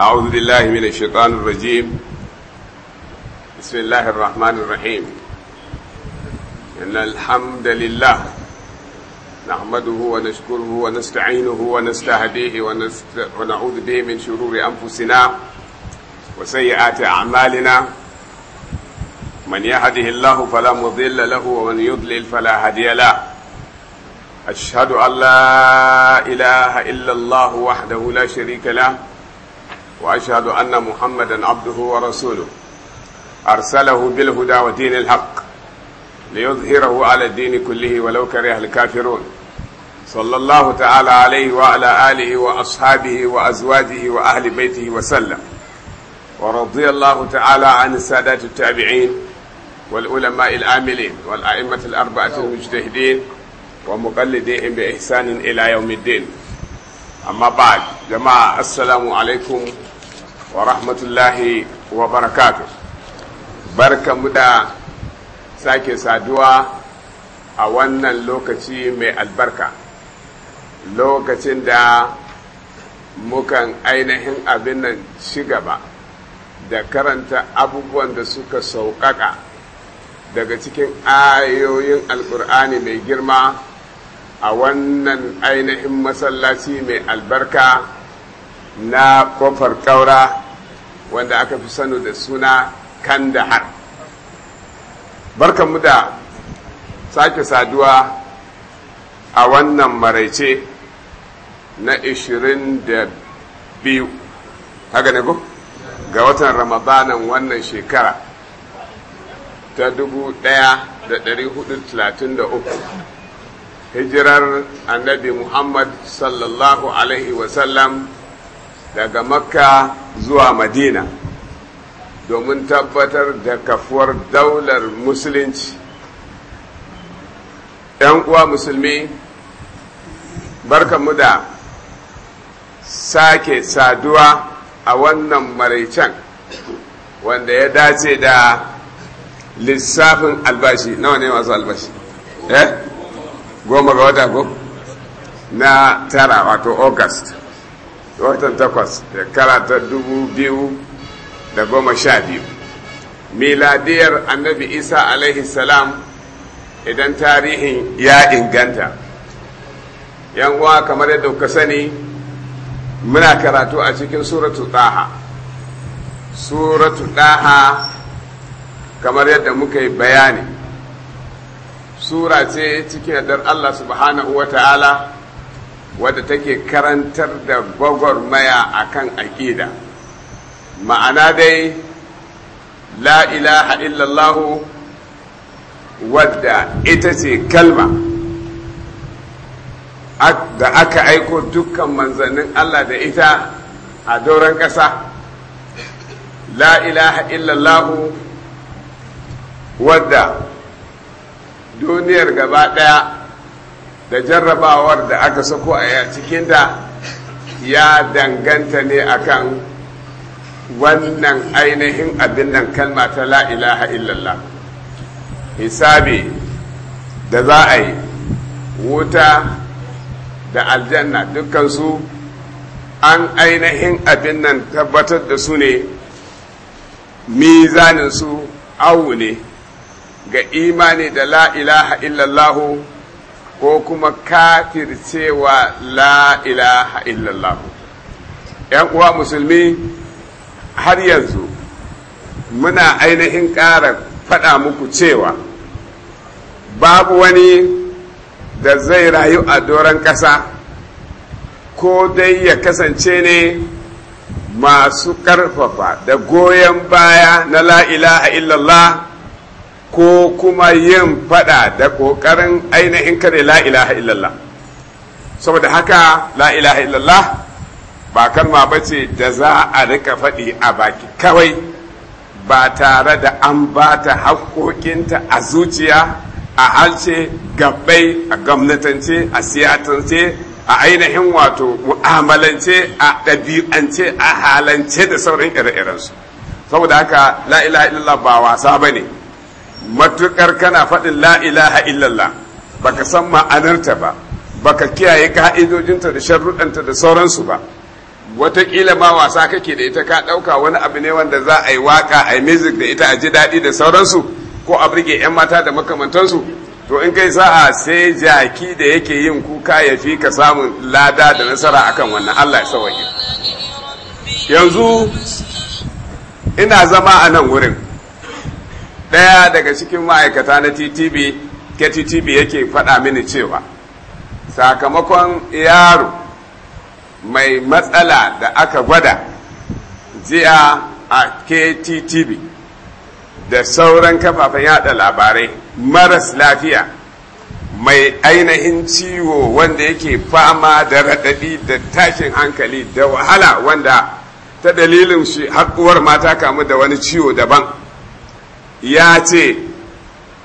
أعوذ بالله من الشيطان الرجيم بسم الله الرحمن الرحيم إن الحمد لله نحمده ونشكره ونستعينه ونستهديه ونست... ونعوذ به من شرور أنفسنا وسيئات أعمالنا من يهده الله فلا مضل له ومن يضلل فلا هدي له أشهد أن لا إله إلا الله وحده لا شريك له وأشهد أن محمدا عبده ورسوله أرسله بالهدى ودين الحق ليظهره على الدين كله ولو كره الكافرون صلى الله تعالى عليه وعلى آله وأصحابه وأزواجه وأهل بيته وسلم ورضي الله تعالى عن السادات التابعين والعلماء العاملين والأئمة الأربعة المجتهدين ومقلديهم بإحسان إلى يوم الدين amma ba jama'a assalamu alaikum wa rahmatullahi wa barakatu barkamu da sake saduwa a wannan lokaci mai albarka lokacin da mukan ainihin abin nan ci gaba da karanta abubuwan da suka sauƙaƙa daga cikin ayoyin alƙur'ani mai girma a wannan ainihin masallaci mai albarka na kofar kaura wanda aka fi sanu da suna kandahar barkanmu da sake saduwa a wannan maraice na 22 ta gane ga watan ramadanan wannan shekara ta 1433 hijirar annabi muhammad sallallahu alaihi wasallam daga makka zuwa madina domin tabbatar da kafuwar daular musulunci ‘yan uwa musulmi barkanmu da sake saduwa a wannan maraicen wanda ya dace da lissafin albashi nawa ne masu albashi eh goma ga wata ko na tara wato august watan takwas da ta dubu biyu da goma sha biyu miladiyar annabi isa alaihi salam idan tarihin ya inganta yan uwa kamar yadda kuka sani muna karatu a cikin suratu ɗaha suratu ɗaha kamar yadda muka yi bayani sura ce cikin yardar Allah subhanahu wa ta'ala wadda take karantar da gwagwarmaya a kan aƙida ma'ana dai la ilaha illallahu wadda ita ce kalma da aka aiko dukkan manzannin Allah da ita a doron ƙasa la ilaha illallahu wadda duniyar gaba ɗaya da jarrabawar da aka sako a da ya danganta ne akan wannan ainihin abin nan kalma ta la'ilaha illallah hisabi da za a yi wuta da aljanna dukansu an ainihin abin nan tabbatar da su ne mizaninsu awu ne ga imani da la ilaha illallahu ko kuma cewa la ilaha illallahu ‘yan uwa musulmi har yanzu muna ainihin ƙara faɗa muku cewa babu wani da zai rayu a doron ƙasa ko dai ya kasance ne masu ƙarfafa da goyon baya na la ilaha illallah ko kuma yin fada da ƙoƙarin ainihin kare la ilaha illallah saboda haka la ilaha illallah ba kalma ba ce da za a rika faɗi a baki kawai ba tare da an ba ta haƙoƙinta a zuciya a halce gabbai a gwamnatance a siyatance a ainihin wato mu'amalance a ɗabi'ance a halance da sauran ire-irensu saboda haka la ilaha illallah ba wasa ba ne matuƙar kana faɗin la ilaha illallah baka san ma'anarta ba baka kiyaye ka'idojinta da sharruɗanta da sauransu ba wataƙila ma wasa kake da ita ka ɗauka wani abu ne wanda za a yi waƙa a yi music da ita a ji daɗi da sauransu ko a burge 'yan mata da makamantansu to in kai sa'a sai jaki da yake yin kuka ya fi ka samun lada da nasara akan wannan allah ya yanzu ina zama a nan wurin ɗaya daga cikin ma'aikata na ttb TTB yake faɗa mini cewa sakamakon yaro mai matsala da aka gwada jiya a kttb da sauran kafafen yada labarai maras lafiya mai ainihin ciwo wanda yake fama da raɗaɗi da tashin hankali da wahala wanda ta dalilin shi haƙuwar mata kamu da wani ciwo daban ya ce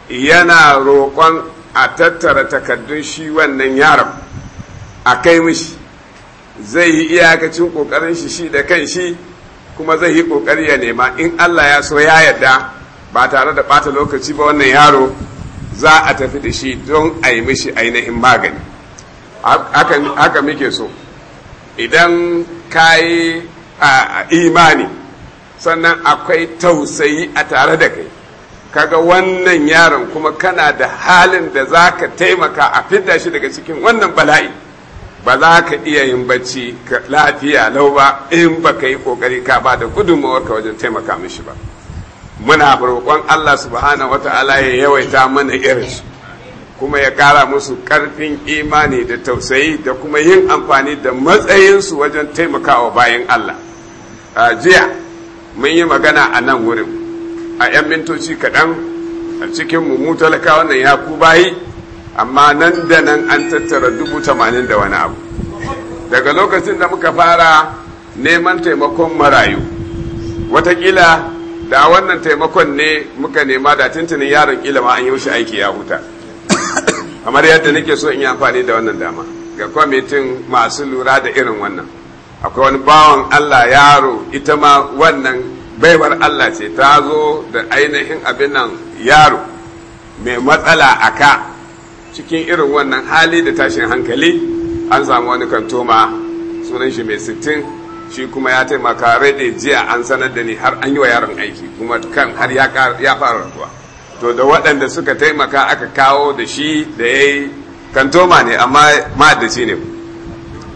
yana roƙon a tattara takardun shi wannan yaron a kai mishi zai yi iyakacin ƙoƙarin shi shi da kan shi kuma zai yi ƙoƙari ya nema in allah ya so ya yarda ba tare da ɓata lokaci ba wannan yaro za a tafi da shi don a yi mishi ainihin magani haka muke so idan ka yi imani sannan akwai tausayi a tare da kai kaga wannan yaron kuma kana da halin da za ka taimaka a fidda shi daga cikin wannan bala'i ba za ka iya yin bacci ka lafiya lau ba in ba ka yi kokari ka ba da gudunmawar ka wajen taimaka mishi ba muna roƙon allah subhanahu ta'ala ya yawaita mana irinsu kuma ya ƙara musu ƙarfin imani da tausayi da kuma yin amfani da matsayinsu wajen taimakawa bayan allah jiya mun yi magana a nan wurin a 'yan mintoci kaɗan a cikin mu talaka wannan ya ku bayi amma nan da nan an tattara dubu tamanin da wani abu daga lokacin da muka fara neman taimakon marayu watakila da wannan taimakon ne muka nema da tuntunin yaron ilima an yi shi aiki ya huta kamar yadda nake so in yi amfani da wannan dama ga kwamitin masu lura da irin wannan akwai wani bawan allah yaro ita ma wannan baiwar Allah ce ta zo da ainihin abin nan yaro mai matsala a ka cikin irin wannan hali da tashin hankali an samu wani kantoma sunan shi mai sittin shi kuma ya taimaka rede jiya an sanar da ni har an yi wa yaron aiki kuma kan har ya fara rantuwa to da waɗanda suka taimaka aka kawo da shi da ya yi kantoma ne amma ma'adaci ne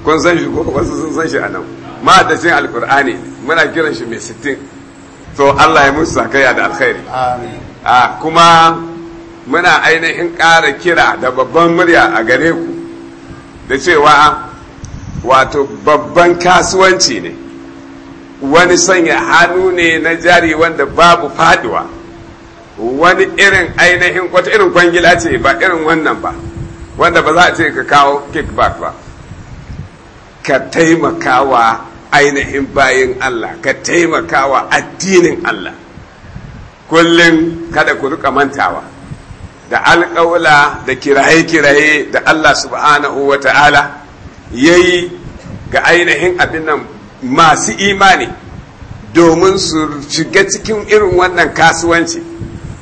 kun san shi ko wasu sun san shi a nan ma'adacin alkur'ani muna kiran shi mai sittin to Allah ya musu sakaya da alkhairi a ah, kuma muna ainihin ƙara kira da babban murya a gare ku da cewa wato babban kasuwanci ne wani sanya hannu ne na jari wanda babu faduwa wani irin ainihin wata irin kwangila ce ba irin wannan ba wanda ba za a ce ka kawo kickback ba ka taimakawa ainihin bayin Allah ka taimaka wa addinin Allah kullum kada ku rika mantawa da alƙawla, da kiraye-kiraye da Allah subhanahu wa ta'ala ya yi ga ainihin abin nan masu imani domin su shiga cikin irin wannan kasuwanci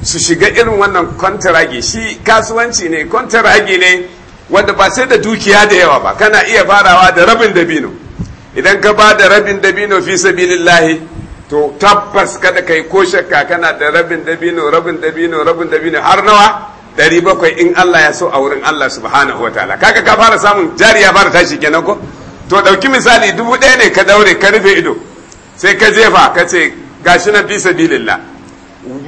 su shiga irin wannan kwantaragi shi kasuwanci ne kwantaragi ne wanda ba sai da dukiya da yawa ba kana iya farawa da rabin dabino idan ka ba da rabin dabino fi sabilillahi to tabbas kada kai ko shakka kana da rabin dabino rabin dabino rabin dabino har nawa dari bakwai in Allah ya so a wurin Allah subhanahu wa ta'ala kaga ka fara samun jariya fara tashi kenan ko to dauki misali dubu ɗaya ne ka daure ka rufe ido sai ka jefa ka ce gashi na fi sabilillah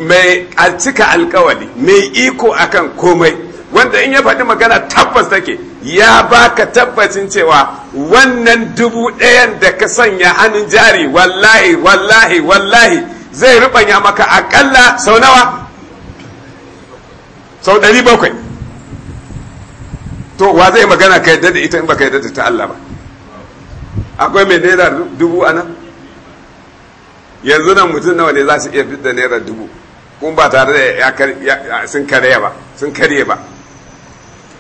mai cika alkawali mai iko akan komai wanda in ya faɗi magana tabbas take ya baka tabbacin cewa wannan dubu ɗayan da ka sanya hannun jari wallahi wallahi wallahi zai rubanya maka akalla sau nawa sau ɗari bakwai to wa zai magana ka yadda da ita in baka yadda da ta Allah ba akwai mai naira dubu ana. yanzu nan mutum nawa ne za su iya da naira dubu kuma ba tare da sun karye ba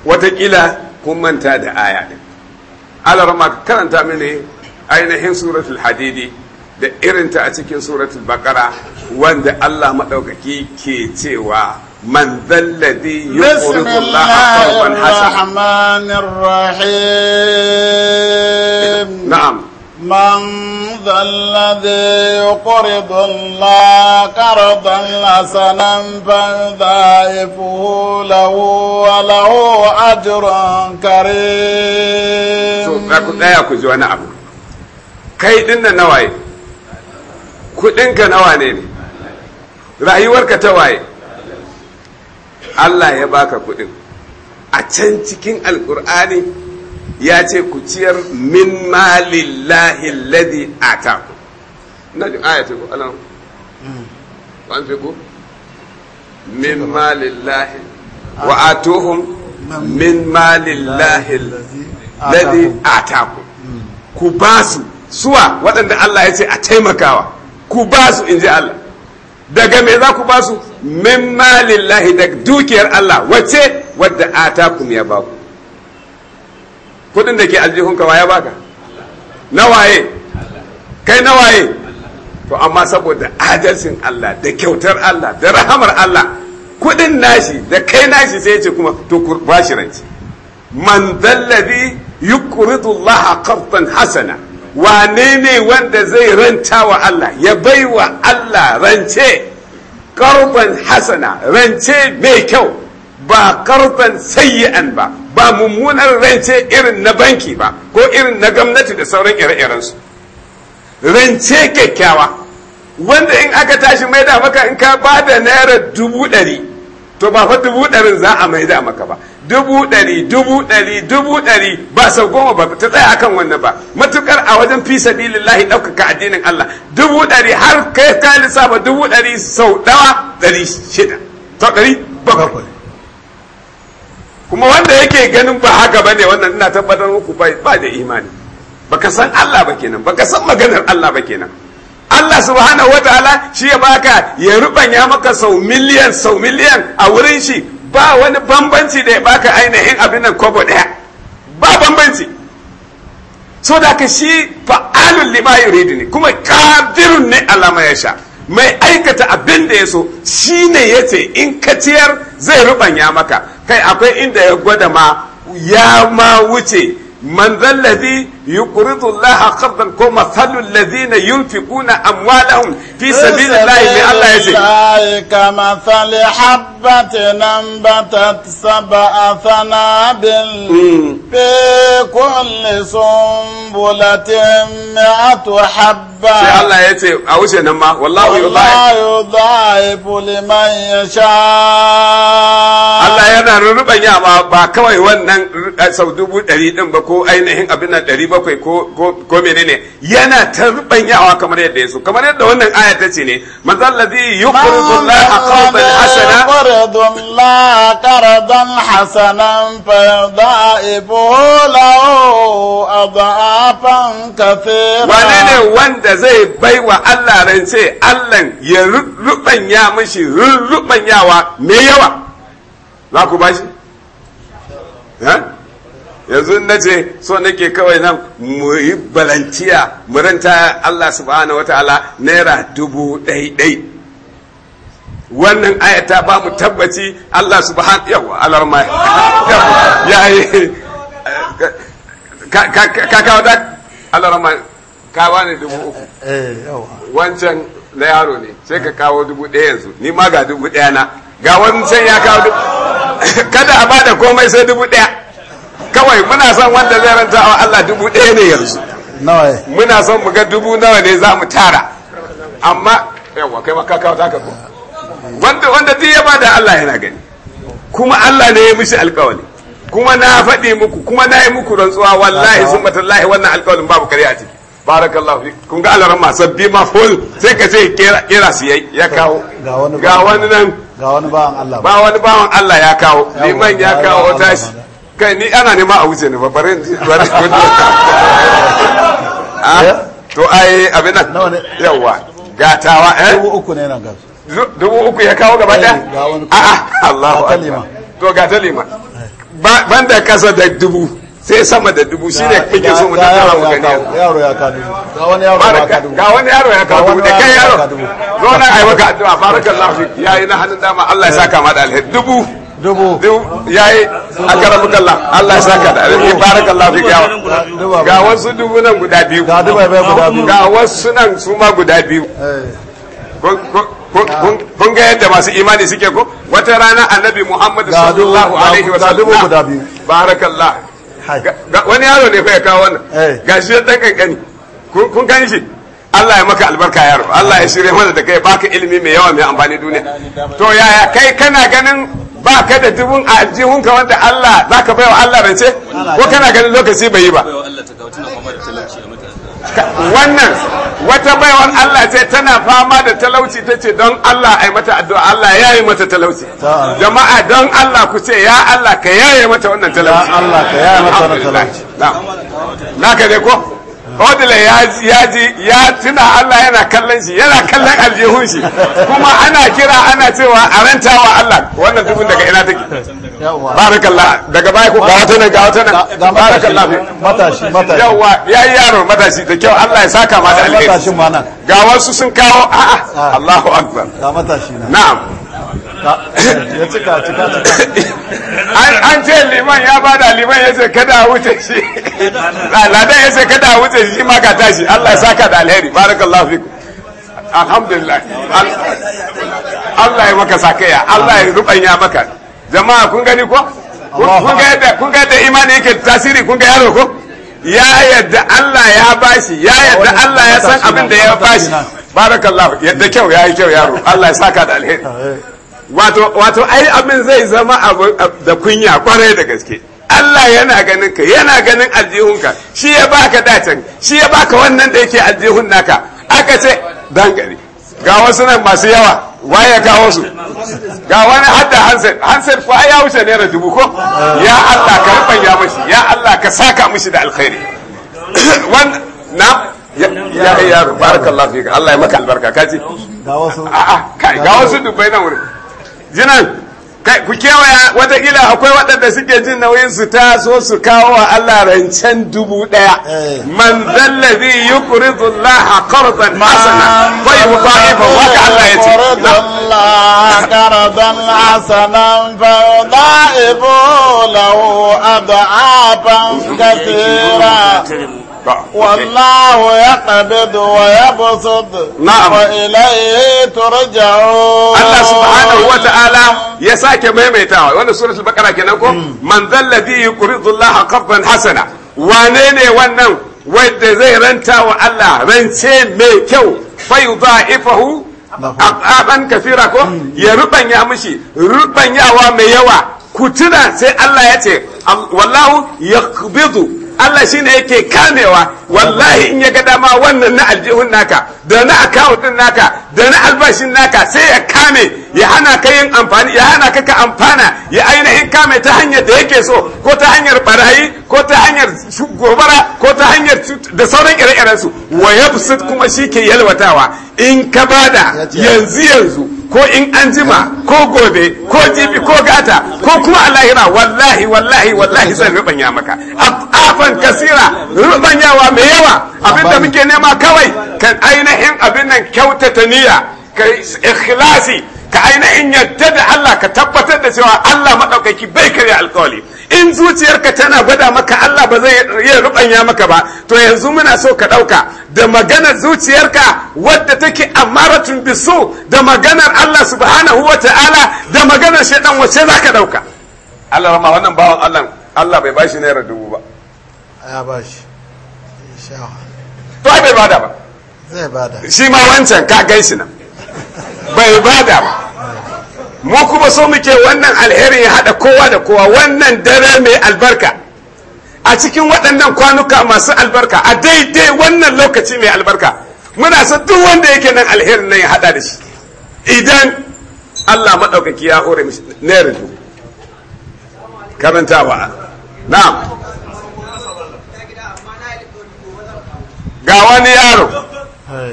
watakila kun manta da aya din alarma karanta mini ainihin suratul hadidi da irinta a cikin suratul bakara wanda Allah maɗaukaki ke cewa man zalladi yuqridullaha qardan hasan na'am من ذا الذي يقرض الله قرضا حسنا فيضاعفه له وله أجر كريم ku tsaya ku ji wani abu kai din nan nawaye kudinka nawa ne ne rayuwarka ta waye Allah ya baka kudin a can cikin alkur'ani ya ce ku ciyar min malillahi alladhi ataku na ji aya ce ko alam hmm. an fi ku min malillahi ah. wa atuhum min malillahi alladhi ata hmm. ku basu suwa waɗanda Allah ya ce a taimakawa ku basu in ji Allah daga me za ku basu min malillahi daga dukiyar Allah wacce wadda atakum ya ku kudin da ke ka waya baka nawaye kai nawaye to amma saboda adalcin Allah da kyautar Allah da rahamar Allah kudin nashi da kai nashi sai ce kuma to bashi ranci man dalladhi yuqridu Allah qardan hasana wane ne wanda zai ranta wa Allah ya baiwa Allah rance qardan hasana rance mai kyau ba qardan sayyi'an ba ba mummunar rance irin na banki ba ko irin na gwamnati da sauran ire-irensu rance kyakkyawa wanda in aka tashi mai da maka in ka ba da naira dubu ɗari to ba fa dubu ɗarin za a mai da maka ba dubu ɗari dubu ɗari dubu ɗari ba sau goma ba ta tsaya akan wannan ba matukar a wajen fi sabilillahi ɗaukaka addinin Allah dubu ɗari har kai ka lissafa dubu ɗari sau ɗawa ɗari shida sau ɗari bakwai kuma wanda yake ganin ba haka bane wannan ina tabbatar muku ba da imani baka san Allah ba kenan baka san maganar Allah ba kenan Allah subhanahu wataala shi ya baka ya rubanya maka sau miliyan sau miliyan a wurin shi ba wani bambanci da ya baka ainihin abin nan kobo daya ba bambanci so da ka shi fa'alun lima yuridu kuma kadirun ne alama ya sha mai aikata abin da ya so shine yace in ka ciyar zai rubanya maka kai akwai inda ya gwada ma ya ma wuce man يقرض الله قرضا كمثل الذين ينفقون اموالهم في سبيل الله بالله اولئك مثل حبة انبتت سبع ثنابل في كل سنبلة مئة حبة الله والله يضاعف لمن يشاء الله يا ربنا با كوي ونن أه، سو دوبو 100 دين با كو اينهين ابينا 100 bakwai ko menene yana ta yawa kamar yadda ya so kamar yadda wannan aya ta ce ne manzal ladhi la Allah qardan hasana yuqridu Allah qardan hasanan fa yudaifu lahu adafan wane ne wanda zai bai wa Allah rance Allah ya rubanya mishi yawa me yawa za ku bashi ha yanzu na ce so nake kawai nan mu yi balantiya mu ranta Allah subhanahu wataala naira dubu ɗaiɗai wannan ayata ba mu tabbaci Allah subhanahu yawa alarma ya yi ka kawo da alarma ka ne dubu uku eh, eh, wancan na yaro ne sai ka kawo dubu ɗaya yanzu ni ma ga dubu ɗaya na ga wancan ya kawo dubu kada a bada komai sai dubu ɗaya kawai muna son wanda zai ranta wa Allah dubu ɗaya ne yanzu muna son mu ga dubu nawa ne za mu tara amma yawa kai maka kawo taka kuma. wanda wanda duk yaba da Allah yana gani kuma Allah ne ya mishi alkawali kuma na faɗi muku kuma na yi muku rantsuwa wallahi sun matallahi wannan alkawalin babu kare a ciki barakallahu fi kun ga alaran ma sabbi ma fol sai ka ce kera su ya kawo ga wani nan ga wani bawan Allah ba wani bawan Allah ya kawo liman ya kawo tashi kai ni ana nema a wuce ne ba bare ni bari ko ah, eh? to ai abin nan yawa gatawa eh dubu uku ne nan gasu dubu uku ya kawo gaba da a a Allahu akbar to gata lima ban da kasa da dubu sai sama da dubu shi ne kake so mu tattara mu gani yaro ya kawo ga wani yaro ya kawo ga wani yaro ya kawo dubu da kai yaro zo na ai maka addu'a barakallahu fik yayi na hannun dama Allah ya saka ma da alheri dubu dubu yayi akaramukallah Allah ya saka da alheri barakallahu fi gawa ga wasu dubu nan guda biyu ga guda biyu wasu nan su ma guda biyu eh. kun ga yadda masu imani suke ko wata rana annabi Muhammad sallallahu alaihi wa sallam ga guda biyu barakallah wani yaro ne fa ya kawo wannan eh. gashi ya dan kankani kun gani shi Allah ya maka albarka yaro Allah ya shirye mana da kai baka ilimi mai yawa mai amfani duniya to yaya kai kana ganin ba ka da dubun a aljihunka wanda Allah za ka baiwa Allah ce ko kana ganin lokaci bai yi ba wannan wata baiwan Allah ce tana fama da talauci ta ce don Allah yi mata addu'a Allah ya yi mata talauci jama'a don Allah ku ce ya Allah ka ya mata wannan talauci Allah ka yaye mata wannan talauci na ka dai ko odila ya ji ya tuna Allah yana kallon shi yana kallon aljihun shi kuma ana kira ana cewa a ranta wa Allah wannan dubin daga ina take barakallah daga baya ko ga wata nan ga wata nan barakallah matashi matashi yawa yayi yaro matashi da kyau Allah ya saka mata alheri matashin ma nan ga wasu sun kawo a'a ah. Allahu akbar ga matashi na na'am ya cika cika cika an ce liman ya bada liman ya ce kada wuce shi ladan ya ce kada wuce shi ma ka tashi Allah ya saka da alheri barakallahu fik alhamdulillah Allah ya maka sakaya Allah ya rubanya maka jama'a kun gani ko kun ga yadda kun ga yadda imani yake tasiri kun ga yaro ko ya yadda Allah ya bashi ya yadda Allah ya san abin da ya bashi barakallahu yadda kyau yayi kyau yaro Allah ya saka da alheri wato ai abin zai zama abu da kunya kwarai da gaske Allah yana ganin ka yana ganin aljihunka shi ya baka dacin shi ya baka wannan da yake aljihun naka aka ce gari ga wasu nan masu yawa waye kawo wasu ga wani hadda hanset hanset fa ya wuce da dubu ko ya Allah ka rufan ya mashi ya Allah ka saka mishi da alkhairi wan na ya ya barakallahu fika Allah ya maka albarka kaji ga wasu a a ga wasu dubai nan wurin jinan ku kewaya watakila akwai waɗanda suke jin nauyin su ta so su kawo wa Allah rancen dubu ɗaya eh. man zallazi yuqridu Allah qardan hasana wa yudaifu wa ka Allah yace yuqridu Allah qardan hasana fa yudaifu lahu ad'afan katira والله يقبض ويبسط نعم وإليه ترجعون الله سبحانه وتعالى يساك ميميتا وانا سورة البقرة كنكم من ذا الذي يقرض الله قرضا حسنا وانيني وانو zai ranta wa Allah rance mai kyau fai za'ifahu aqaban kafira ko ya rubanya mishi mai yawa kutuna sai Allah ya ce wallahu yaqbidu Allah shi shine yake kamewa wallahi in ya ga dama wannan na aljihun naka da na account din naka da na albashin naka sai ya kame ya hana ka yin amfani ya hana ka ka amfana ya ainihin kame ta hanyar da yake so ko ta hanyar barayi ko ta hanyar gobara ko ta hanyar da sauran ire-irensu wa yabsit kuma shi ke yalwatawa in ka bada yanzu yanzu ko in an jima ko gobe ko jibi ko gata ko kuma a lahira wallahi wallahi wallahi zan rubanya maka afan kasira rubanyawa mai yawa abinda muke nema kawai kan ainihin abin nan kyautata niyya ka ikhlasi ka ainihin yadda da Allah ka tabbatar da cewa Allah maɗaukaki bai karya alkawali in zuciyarka tana gwada maka Allah ba zai iya rubanya maka ba to yanzu muna so ka ɗauka da magana zuciyarka wadda take amaratun bisu da maganar Allah subhanahu wa ta'ala da maganar shaidan wacce za ka ɗauka Allah rama wannan bawan Allah Allah bai bashi naira dubu ba ya bashi to ai bai bada ba zai bada shi ma wancan ka gaishi nan bai bada ba mu kuma so muke wannan alherin ya haɗa kowa da kowa wannan dare mai albarka a cikin waɗannan kwanuka masu albarka a daidai wannan lokaci mai albarka muna son duk wanda yake nan alherin nan ya haɗa da shi idan Allah maɗaukaki ya hore mishi karanta ba na ga wani yaro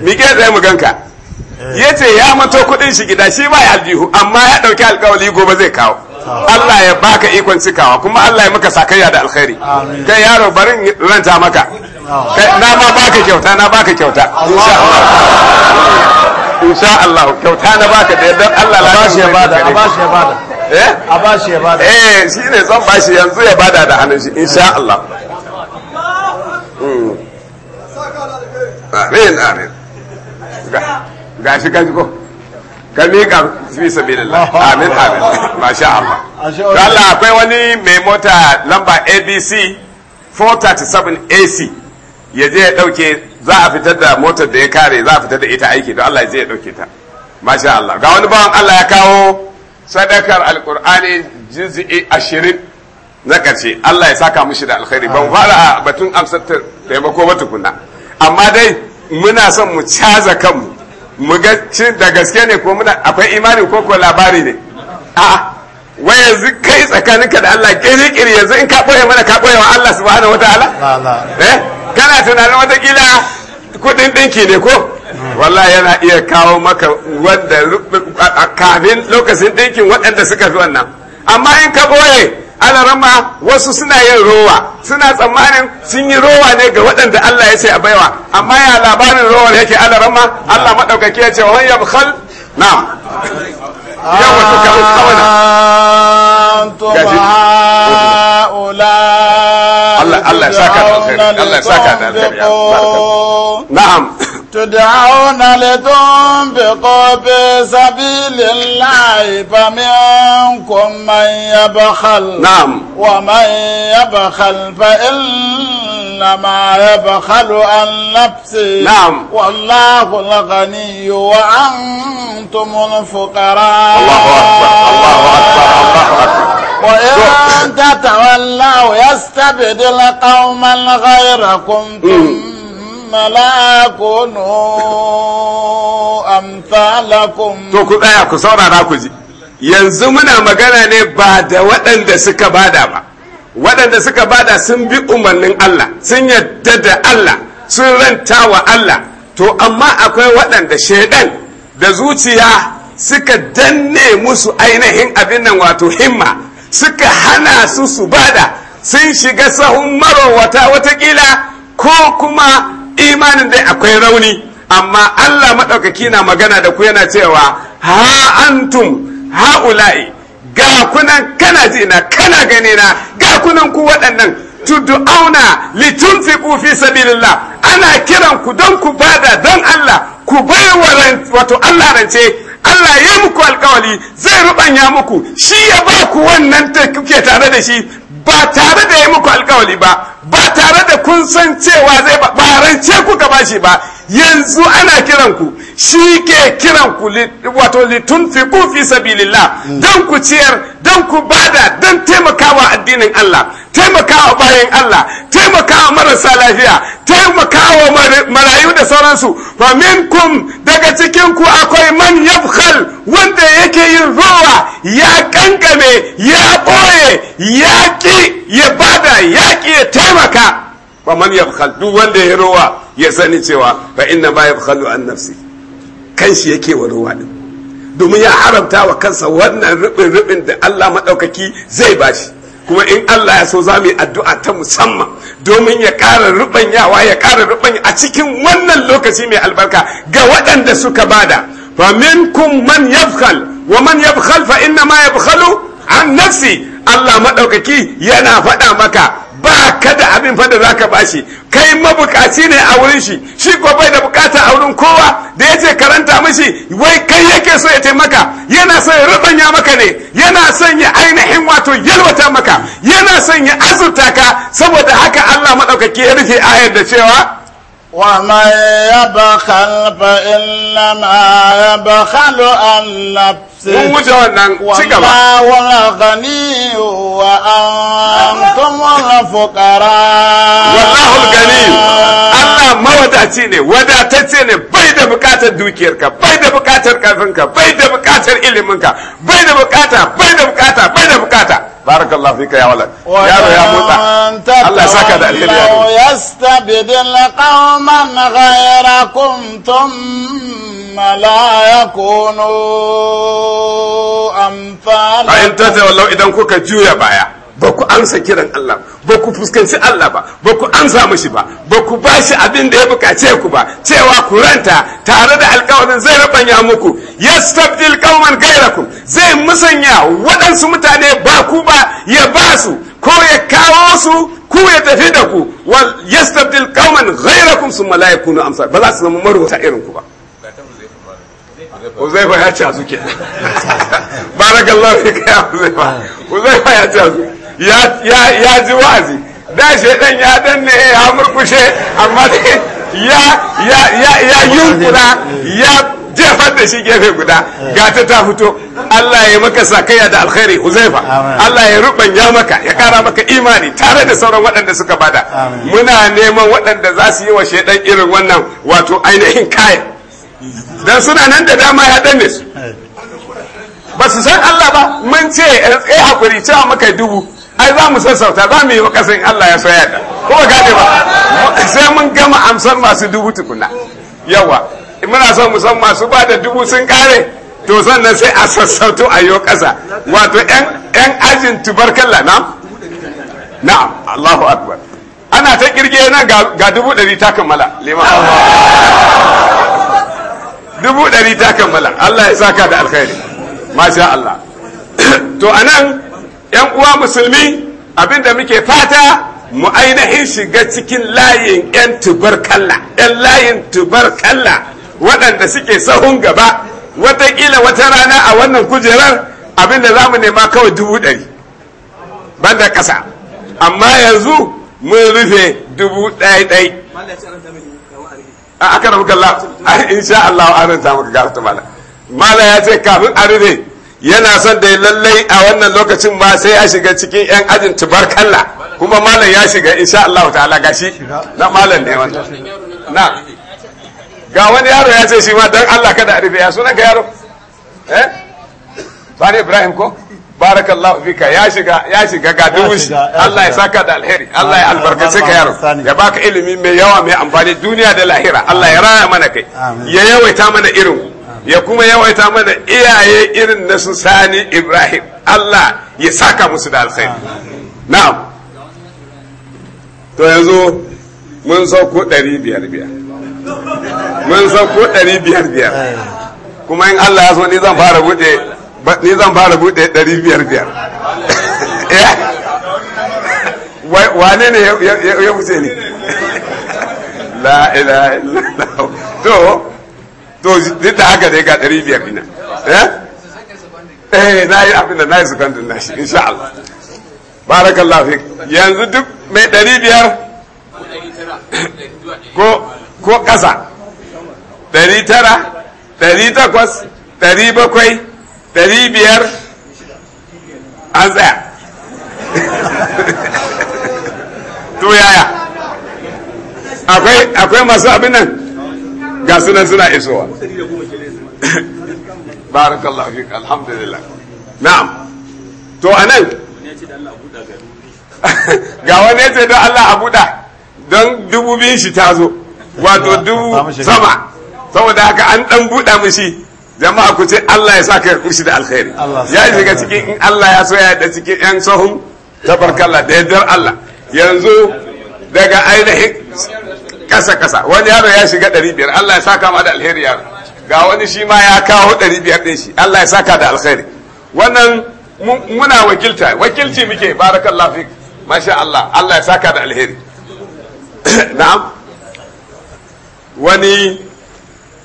mike tsaye mu ganka Eh. ya ce ya mato kudin shi gida shi ba ya aljihu amma ya dauki alkawali gobe zai kawo Allah ya baka ikon cikawa kuma Allah ya maka sakayya da alkhairi kai yaro barin ranta maka kai na ma baka kyauta na baka kyauta insha Allah insha Allah kyauta na baka da yadda Allah ya bada ya bada a bashi ya bada eh shi eh, ne zan bashi yanzu ya bada da hannun shi insha Allah hmm. amin amin gashi gashi ko ka miƙa fi sabilillah amin amin masha Allah Allah akwai wani mai mota lamba ABC 437 AC ya je ya dauke za a fitar da motar da ya kare za a fitar da ita aiki don Allah ya je ya dauke ta masha Allah ga wani bawan Allah ya kawo sadakar alkur'ani juz'i 20 na karshe Allah ya saka mushi da alkhairi ban fara batun amsar taimako ba tukuna amma dai muna son mu caza kanmu mu ga da gaske ne ko muna akwai imani ko ko labari ne a wai yanzu kai tsakaninka da Allah kiri kiri yanzu in ka boye mana ka boye wa Allah subhanahu wataala eh kana tunanin wata kila kudin dinki ne ko hmm. wallahi yana iya kawo maka wanda kafin lokacin dinkin waɗanda suka fi wannan amma in ka boye alarama wasu suna yin rowa suna tsammanin sun yi rowa ne ga waɗanda Allah ya ce a baiwa amma ya labarin rowar yake alarama Allah maɗaukaki ya ce wa wani yabkhal na'am yawa suka kawana Allah Allah saka da alheri Allah saka da alheri na'am تدعون لتنفقوا في سبيل الله فمنكم من يبخل نعم ومن يبخل فإنما يبخل عن نفسه نعم والله الغني وأنتم الفقراء الله أكبر الله أكبر الله أكبر وإن تتولوا يستبدل قوما غيركم ثم malakunu amsalakum to ku tsaya ku saurara ku ji yanzu muna magana ne ba da waɗanda suka bada ba waɗanda suka bada sun bi umarnin Allah sun yadda da Allah sun ranta wa Allah to amma akwai waɗanda shaidan da zuciya suka danne musu ainihin abin nan wato himma suka hana su su bada sun shiga sahun marowata watakila ko kuma imanin dai akwai rauni amma Allah maɗaukaki na magana da ku yana cewa ha antum ula'i ga kunan kana jina kana gane na ga kunan ku waɗannan auna litun fi sabilillah ana kiran ku don ku bada don Allah ku bai wato Allah rance Allah ya muku alkawali zai ruɓanya muku shi ya ba ku wannan ta kuke tare da shi ba tare da ya muku alkawali ba ba tare da kun san cewa zai barance kuka bashi ba yanzu ana kiran ku shi ke kiran ku wato litunfiqu fi sabilillah mm. dan ku ciyar dan ku bada dan taimakawa addinin Allah taimakawa bayan Allah taimakawa marasa lafiya taimakawa marayu da sauransu fa minkum daga cikin ku akwai man yabkhal wanda yake yin rowa ya kankame ya boye ya ki ya bada ya ki ya taimaka fa man yabkhal duk wanda ya rowa ya sani cewa fa inna ba yabkhalu an nafsi kanshi yake wa ruwa din domin ya haramta wa kansa wannan rubin rubin da Allah maɗaukaki zai bashi kuma in Allah ya so za mu yi addu'a ta musamman domin ya ƙara yawa ya ƙara ruɓanya a cikin wannan lokaci mai albarka ga waɗanda suka bada fa minkum man yabkhal wa man yabkhal fa inna ma yabkhalu an nafsi Allah maɗaukaki yana faɗa maka ba ka da abin fa da za ka bashi kai mabukaci ne a wurin shi shi ko bai da bukata a wurin kowa da ya ce karanta mishi wai kai yake so ya taimaka yana son ya rubanya maka ne yana son ya ainihin wato yalwata maka yana son ya azurta ka saboda haka Allah maɗaukaki ya rufe ayar da cewa ومن يبخل فإنما يبخل عن نفسه والله الغني وأنتم الفقراء والله الغني Allah mawadaci ne wadatacce ne bai da bukatar dukiyarka bai da bukatar karfinka bai da bukatar iliminka bai da bukata bai da bukata بارك الله فيك يا ولد يا يا متى الله سكت الخير يا يستبدل قوما غيركم ثم لا يكونوا امثالكم فانتزه ولو اذا كوكا جويا بايا ba ku amsa kiran Allah ba ku fuskanci Allah ba ba ku amsa mashi ba ba ku ba shi abin da ya bukace ku ba cewa ku ranta tare da alkawarin zai rabanya muku yastabdil qauman gairakum zai musanya waɗansu mutane ba ku ba ya ba su ko ya kawo su ku ya tafi da ku wal yastabdil qauman gairakum summa malaiku na amsa ba za su zama marwata irin ku ba Uzaifa ya ci a zuke. Barakallahu fi kai Uzaifa. Uzaifa ya ci a zuke. ya ji wa'azi da shaidan ya danne ya murkushe amma ya yunkura ya jefar da shi gefe guda gata ta fito Allah ya maka sakaya da alkhairi huzaifa Allah ya ya maka ya kara maka imani tare da sauran waɗanda suka bada muna neman waɗanda za su yi wa shaidan irin wannan wato ainihin kaya dan suna nan da dama ya danne su ba su san Allah ba mun ce tsaye eh, hakuri cewa maka dubu ai za mu sassauta za mu yi makasin Allah ya soya da ko ba gane ba sai mun gama amsar masu dubu tukuna yawa muna son mu san masu ba da dubu sun kare to sannan sai a sassauto a yau kasa wato yan ajin tubarkalla na na Allahu akbar ana ta kirge na ga dubu dari ta kammala liman dubu dari ta kammala Allah ya saka da alkhairi masha Allah to anan ‘yan uwa musulmi abinda muke fata mu ainihin shiga cikin layin ‘yan kalla ‘yan layin kalla waɗanda suke sahun gaba watakila wata rana a wannan kujerar abinda za mu nema kawai dubu ɗari banda ƙasa amma yanzu mun rufe dubu ɗaya ɗai a aka kalla Allah mala mala ya ce kafin a rufe yana son da lallai a wannan lokacin ba sai a shiga cikin 'yan ajin tubarkalla kuma malam ya shiga insha Allah ta'ala gashi na malam ne wata na ga wani yaro ya ce shi ma don Allah kada a rufe ya sunan ka yaro eh ne ibrahim ko barakallahu fika ya shiga ya shiga ga dubu shi Allah ya saka da alheri Allah ya albarkace ka yaro ya baka ilimi mai yawa mai amfani duniya da lahira Allah ya raya mana kai ya yawaita mana irin ya kuma yawaita mana iyaye irin na su sani ibrahim allah ya saka musu da alkhairi na'am to yanzu mun sauko mun sauko kuma in allah ya so ni zan fara bude ni zan fara bude eh? wane ne ya wuce ni la to duk da haka dai ga 500 ina eh? eh na yi abin da na yi sukan na shi insha Allah barakallahu fik yanzu duk mai 500 ko ko kasa 900 800 700 biyar an tsaya to yaya akwai masu abin nan ga sunan suna isowa barakallahu fik alhamdulillah na'am to anan ga wani ya ce don Allah a buɗa don dubu biyun shi ta zo wato dubu sama saboda haka an ɗan buɗa mushi jama'a ku ce Allah ya sa ka mushi da alkhairi ya shiga cikin in Allah ya so ya da cikin yan sahun tabarkalla da yardar Allah yanzu daga ainihin kasa kasa wani yaro ya shiga 500 Allah ya saka ma da alheri yaro ga wani shi ma ya kawo 500 din shi Allah ya saka da alheri wannan muna wakilta wakilci muke barakan lafik masha Allah Allah ya saka da alheri na'am wani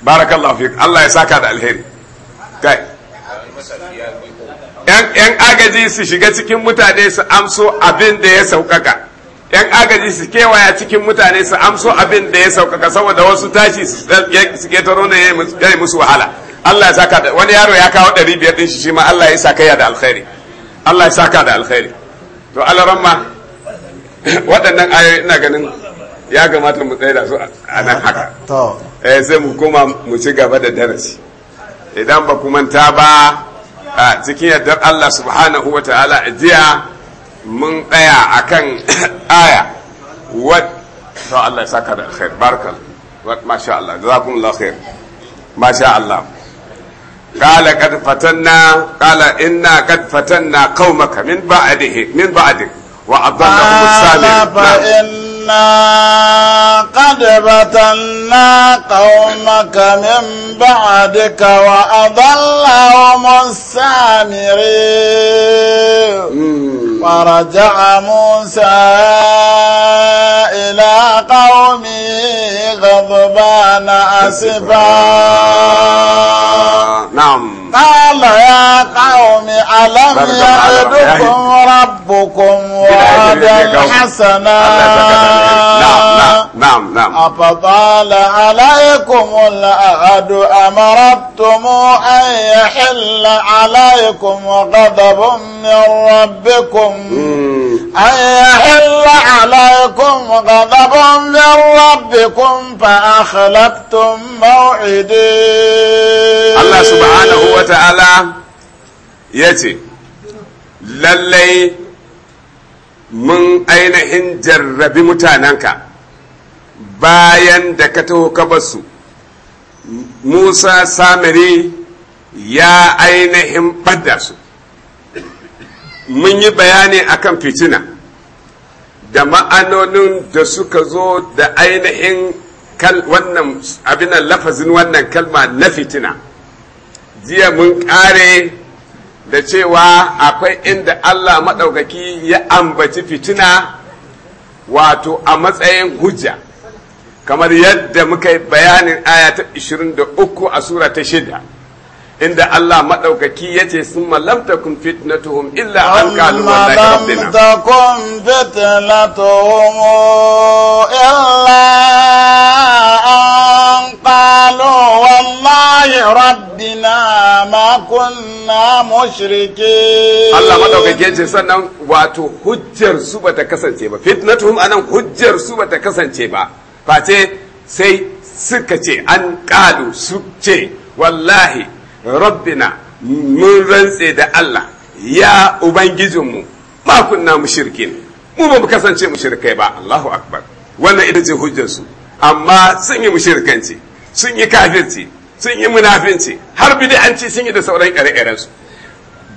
barakan lafik Allah ya saka da alheri kai yan agaji su shiga cikin mutane su amso abin da ya saukaka yan agaji su kewaya cikin mutane su amso abin da ya saukaka saboda wasu tashi su ketaro ne ya yi musu wahala Allah ya saka da wani yaro ya kawo ɗari biyar ɗin shi shi ma Allah ya saka ya da alkhairi Allah ya saka da alkhairi to ma waɗannan ayoyi ina ganin ya kamata mu tsaye da su a nan haka eh sai mu koma mu ci gaba da darasi idan ba ku manta ba cikin yardar Allah subhanahu wa ta'ala jiya من قيا أكن آية ود شاء الله يساك الخير بارك الله ما شاء الله جزاكم الله خير ما شاء الله قال قد فتنا قال إنا قد فتنا قومك من بعده من بعدك وأضلهم السالم نعم. قد فتنا قومك من بعدك وأضلهم السامرين فرجع موسى إلى قومه غضبان أسفا نعم قال يا قوم ألم يعدكم ربكم وعدا حسنا نعم نعم نعم أفضال عليكم الأهد أمرتم أن يحل عليكم غضب من ربكم أيحل عليكم غضب من ربكم فأخلفتم موعدي الله سبحانه وتعالى يتي للي من ainihin jarrabi mutanenka bayan da ka taho ka basu musa Samari ya ainihin ɓadda su mun yi bayani akan fitina da ma'anonin da suka zo da ainihin wannan abinan lafazin wannan kalma na fitina jiya mun kare da cewa akwai inda Allah maɗaukaki ya ambaci fitina wato a matsayin hujja kamar yadda muka yi bayanin ayatar 23 a sura ta shida inda Allah maɗaukaki ya ce sun malamta kun fitnatuhum illa an kalu wallahi rabbina. lamta kun fitnatuhum illa an kalu rabbina ma kunna mushriki. Allah maɗaukaki ya ce sannan wato hujjar su bata kasance ba fitnatuhum anan hujjar su bata kasance ba face sai suka ce an kalu su ce wallahi rabbina mun rantse da Allah ya ubangijinmu ma kunna shirkin mu ba mu kasance mushrikai ba Allahu akbar wannan ita ce hujjarsu amma sun yi mushrikanci sun yi kafirci sun yi munafinci har bid'anci sun yi da sauran ire su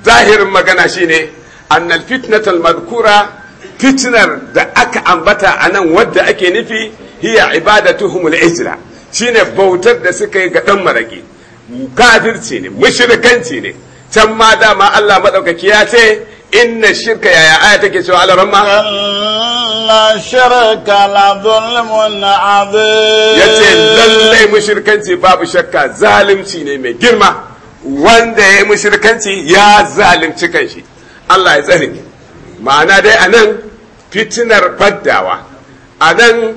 zahirin magana shine annal fitnatal madkura fitnar da aka ambata anan wadda ake nufi hiya ibadatuhumul ijra shine bautar da suka yi ga dan maraki kafirci ne mushrikanci ne can ma dama Allah madaukaki ya ce inna shirka yaya aya take cewa alaran ma la shirka la zulmun azim yace lallai mushrikanci babu shakka zalimci ne mai girma wanda ya yi mushrikanci ya zalimci kanshi Allah ya tsare ma'ana dai anan fitinar baddawa anan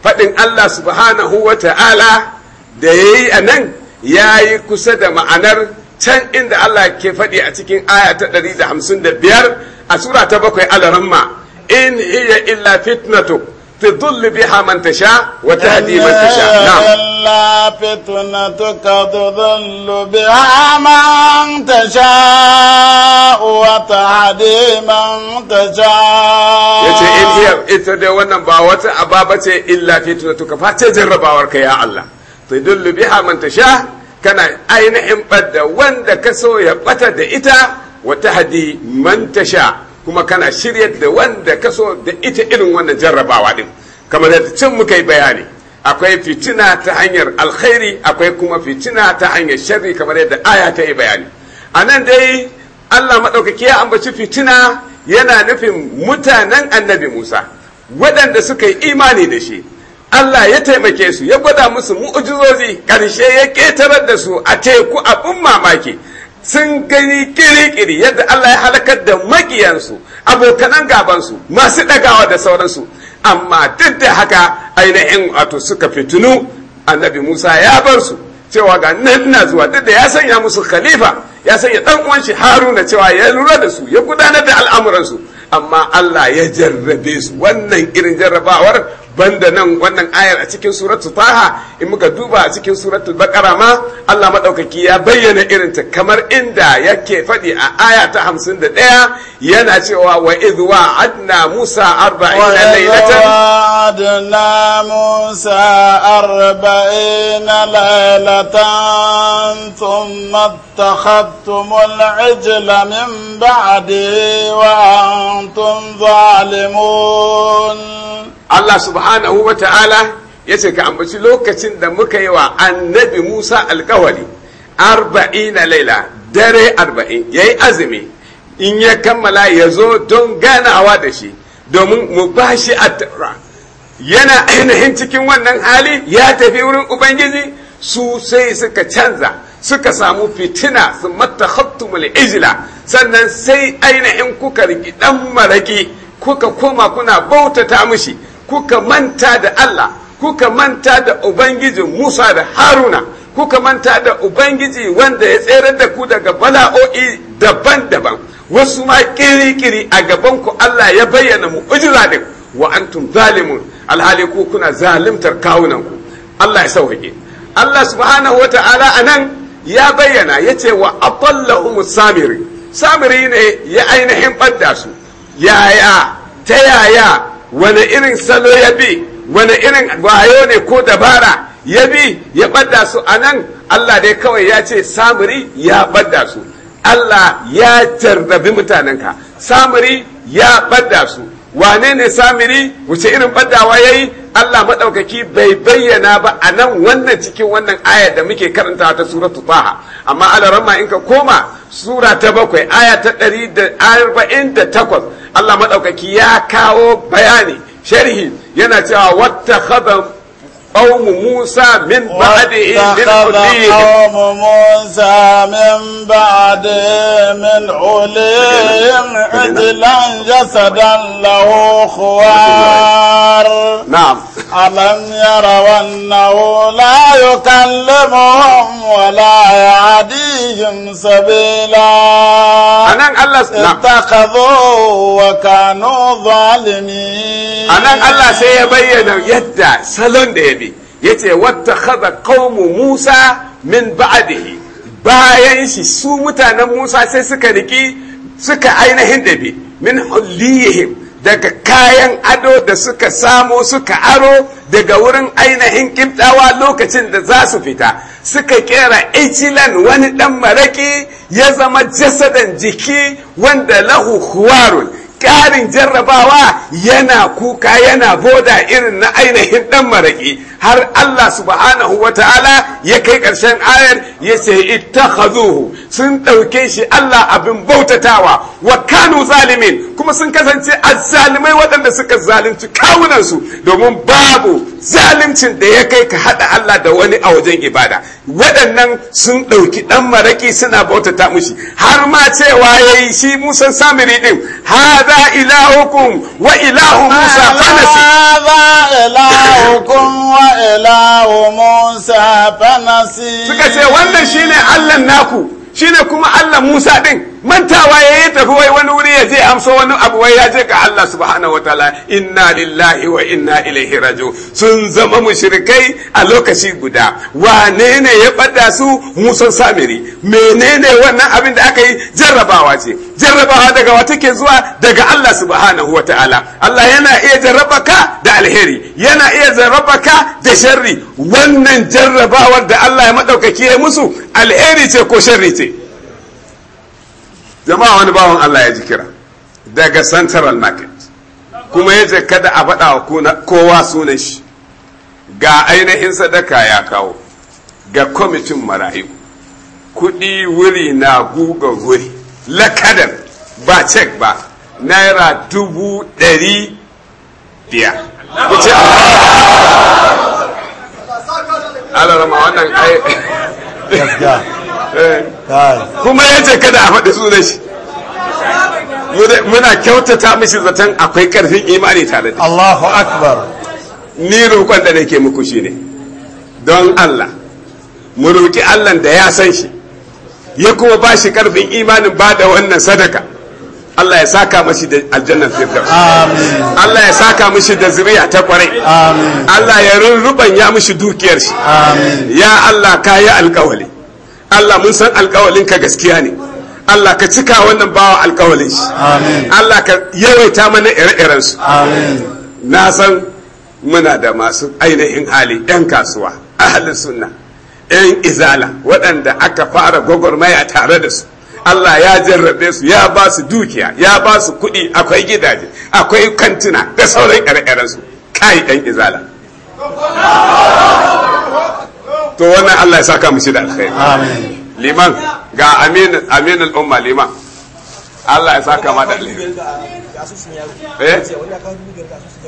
fadin Allah subhanahu wa ta'ala da yayi anan ya yi kusa da ma'anar can inda Allah ke faɗi a cikin aya ta biyar a sura ta bakwai alaramma in iya illa fitnatu تضل بها من تشاء وتهدي من تشاء نعم إلا فتنتك yace in iya ita dai wannan ba wata ababa ce illa fitnatuka fa ce jarrabawarka ya Allah tudullu biha man tasha kana ainihin badda wanda kaso ya bata da ita wa tahdi man tasha kuma kana shirye da wanda kaso da ita irin wannan jarrabawa din kamar da cin muka bayani akwai fitina ta hanyar alkhairi akwai kuma fitina ta hanyar sharri kamar yadda aya ta yi bayani a nan dai allah maɗaukaki ya ambaci fitina yana nufin mutanen annabi musa waɗanda suka yi imani da shi Allah ya taimake su ya gwada musu mu'ujizozi ƙarshe ya ƙetarar da su a teku abin mamaki sun gani kirikiri yadda Allah ya halakar da makiyansu abokanan gabansu masu ɗagawa da sauransu amma duk da haka ainihin wato suka fitinu annabi Musa ya bar su cewa ga nan na zuwa duk da ya sanya musu khalifa ya sanya ɗan uwan shi Haruna cewa ya lura da su ya gudanar da al'amuransu amma Allah ya jarrabe su wannan irin jarrabawar banda nan wannan ayar a cikin suratu taha in muka duba a cikin suratu bakara ma Allah maɗaukaki ya bayyana irin ta kamar inda yake faɗi a aya ta hamsin da ɗaya yana cewa wa wa adna musa arba'ina laylatan adna musa arba'ina laylatan thumma اتخذتمul ajla min ba'di wa antum zalimun Allah subhanahu wa ta'ala ya ce ka ambaci lokacin da muka yi wa annabi Musa alkawari arba'ina laila dare arba'in ya yi azumi in ya kammala ya zo don ganawa da shi domin mu ba shi yana ainihin cikin wannan hali ya tafi wurin ubangiji su sai suka canza suka samu fitina su mata hattumul ijila sannan sai ainihin kuka riki dan maraki kuka koma kuna bautata mushi. kuka manta da Allah kuka manta da Ubangiji Musa da Haruna kuka manta da ubangiji wanda ya tserar da ku daga bala'o'i daban-daban wasu ma kiri-kiri a gabanku. Allah ya bayyana mu din wa antum zalimun alhali ku kuna zalimtar kawunanku. Allah ya sauhaƙe. Allah subhanahu wa ta'ala nan ya bayyana ya ce wa samiri samiri ne ya ainihin ɓadda su yaya ta yaya wani irin salo ya bi wani irin wayo ne ko dabara ya bi ya ɓada su a nan Allah dai kawai ya ce samuri ya ɓadda su Allah ya jarrabi mutanenka samuri ya ɓadda su wane ne samiri wuce irin ɓadawa ya yi Allah maɗaukaki bai bayyana ba a nan wannan cikin wannan ayar da muke karanta ta suratu taha amma alarama in ka koma sura ta bakwai aya ta ɗari da arba'in da takwas Allah maɗaukaki ya kawo bayani sharhi yana cewa wata khazan قوم موسى من بعده من عليهم قوم موسى من بعده من عليهم عجلا جسدا له خوار نعم ألم يروا أنه لا يكلمهم ولا يعديهم سبيلا أنا الله نعم. اتخذوا وكانوا ظالمين أنا الله سيبين يدى سلون دي yace wattakhadha qaumu Musa min ba'dihi bayan shi su mutanen Musa sai suka riki suka ainihin dabi min hulliyihim daga kayan ado da suka samo suka aro daga wurin ainihin kimtawa lokacin da za su fita suka kera ijilan wani dan maraki ya zama jasadan jiki wanda lahu huwarun ƙarin jarrabawa yana kuka yana boda irin na ainihin dan maraƙi. har Allah subhanahu wa ta'ala ya kai ƙarshen ayar ya ce ittakhazuhu sun ɗauke shi Allah abin bautatawa wa kanu zalimin kuma sun kasance azzalimai waɗanda suka zalunci kawunansu domin babu zaluncin da ya kai ka haɗa Allah da wani a wajen ibada waɗannan sun ɗauki ɗan maraki suna bautata mushi har ma cewa ya yi shi musan samiri ɗin hada ilahukum wa ilahu musa fanasi ilahu Musa nasi suka ce wannan shine Allah naku shine kuma Allah Musa din mantawa ya yi tafi wai wani wuri ya je amsa wani abu wai ya je ga Allah subhanahu ta'ala inna lillahi wa inna ilaihi raji'un sun zama mushrikai a lokaci guda wane ne ya bada su musan samiri menene wannan abin da aka yi jarrabawa ce jarrabawa daga wata ke zuwa daga Allah subhanahu ta'ala Allah yana iya jarrabaka da alheri yana iya jarrabaka da sharri wannan jarrabawar da Allah ya madaukaki ya musu alheri ce ko sharri ce jama'a wani bawan Allah ya ji kira daga central market kuma ya ce kada a faɗa wa kowa sunan shi ga ainihin sadaka ya kawo ga kwamitin marayu kudi wuri na guga wuri lakadar ba cek ba naira dubu ɗari biyar kuce rama wannan ai Eh. kuma ya ce kada a faɗi sunan shi muna kyautata mishi zaton akwai ƙarfin imani tare da Allahu akbar ni roƙon da nake muku shi ne don Allah mu roƙi Allah da ya san shi ya kuma ba shi karfin imanin ba da wannan sadaka Allah ya saka mashi da aljannan firdaus amin Allah ya saka mashi da zuriya ta kwarai amin Allah ya rubanya mashi dukiyar shi amin ya Allah kayi alƙawali Allah mun san alkawalin ka gaskiya ne Allah ka cika wannan bawa alkawalin shi Allah ka yawaita mana ire-iren su na san muna da masu ainihin hali yan kasuwa ahalin sunna yan izala waɗanda aka fara gwagwarmaya tare da su Allah ya jarrabe su ya ba su dukiya ya ba su kuɗi akwai gidaje akwai kantina da sauran ire-iren su kai yan izala to wannan Allah ya saka mu da alkhairi amin liman ga amin amin al'umma liman Allah ya saka ma da alkhairi eh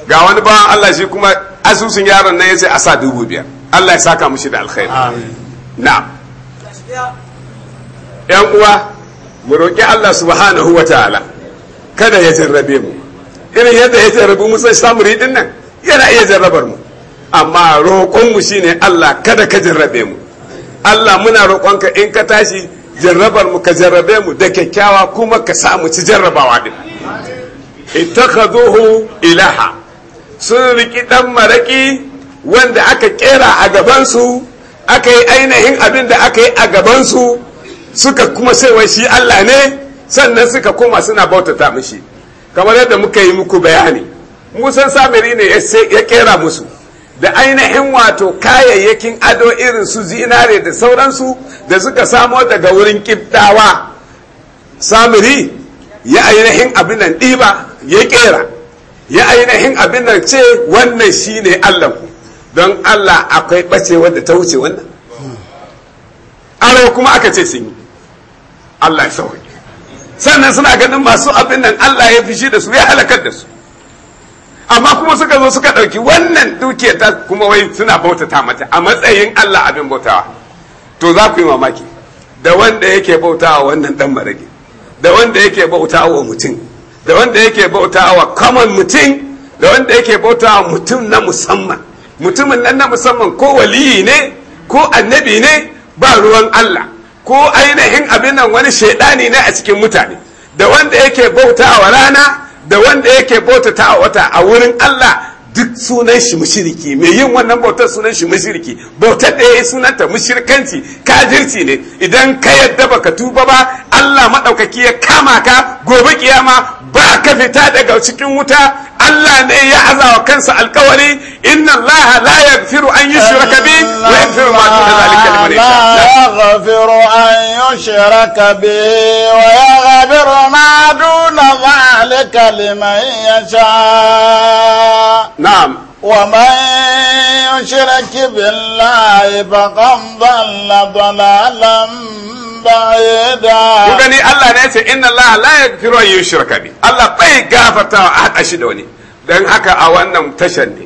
ga wani ba Allah shi kuma asusun yaron nan yace a sa dubu biyar Allah ya saka mu da alkhairi amin na'am yan uwa mu roki Allah subhanahu wataala kada ya jarrabe mu irin yadda ya jarrabe mu sai samu ridin nan yana iya jarrabar mu amma roƙonmu shine Allah kada ka jarrabe mu Allah muna roƙonka in ka tashi jarrabar mu ka jarrabe mu da kyakkyawa kuma ka samu ci jarrabawa din ittakhadhuhu ilaha sun riki dan maraki wanda aka kera a gabansu aka yi ainihin abin da aka yi a gabansu suka kuma saiwa shi Allah ne sannan suka koma suna bautata mishi kamar yadda muka yi muku bayani musan samiri ne ya kera musu da ainihin wato kayayyakin ado irin su zinare da sauransu da suka samo daga wurin kiftawa samiri ya ainihin abin nan ɗiba ya ƙera ya ainihin abin nan ce wannan shi ne allahu don allah akwai ɓacewar da ta wuce wannan arewa kuma aka ce sun yi allah ya sauri sannan suna ganin masu abin nan allah ya fi shi da su ya halakar da su amma kuma suka zo suka ɗauki wannan dukiya ta kuma wai suna bautata mata a matsayin Allah abin bautawa to za ku yi mamaki da wanda yake bautawa wannan dan marage da wanda yake bautawa mutum da wanda yake bautawa kaman mutum da wanda yake bautawa mutum na musamman mutumin nan na musamman ko waliyi ne ko annabi ne ba ruwan Allah ko ainihin abin nan wani shaidani ne a cikin mutane da wanda yake bautawa rana da wanda yake bautata a wata a wurin Allah duk sunan shi mushiriki mai yin wannan bautar sunan shi mushiriki bautar da ya yi sunanta ka kafirci ne idan ka yadda baka tuba ba Allah madaukaki ya kama ka gobe kiyama ba ka fita daga cikin wuta Allah ne ya azawa kansa alkawari inna Allah la yaghfiru an yushraka bi wa yaghfiru ma duna zalika liman la yaghfiru يغفر ما دون ذلك لمن يشاء نعم ومن يشرك بالله فقد ضل ضلالا بعيدا وقالي الله نيسي إن الله لا يغفر أن يشرك به الله بي غافرتا أحد أشدوني وني لأن هكا أولنا متشن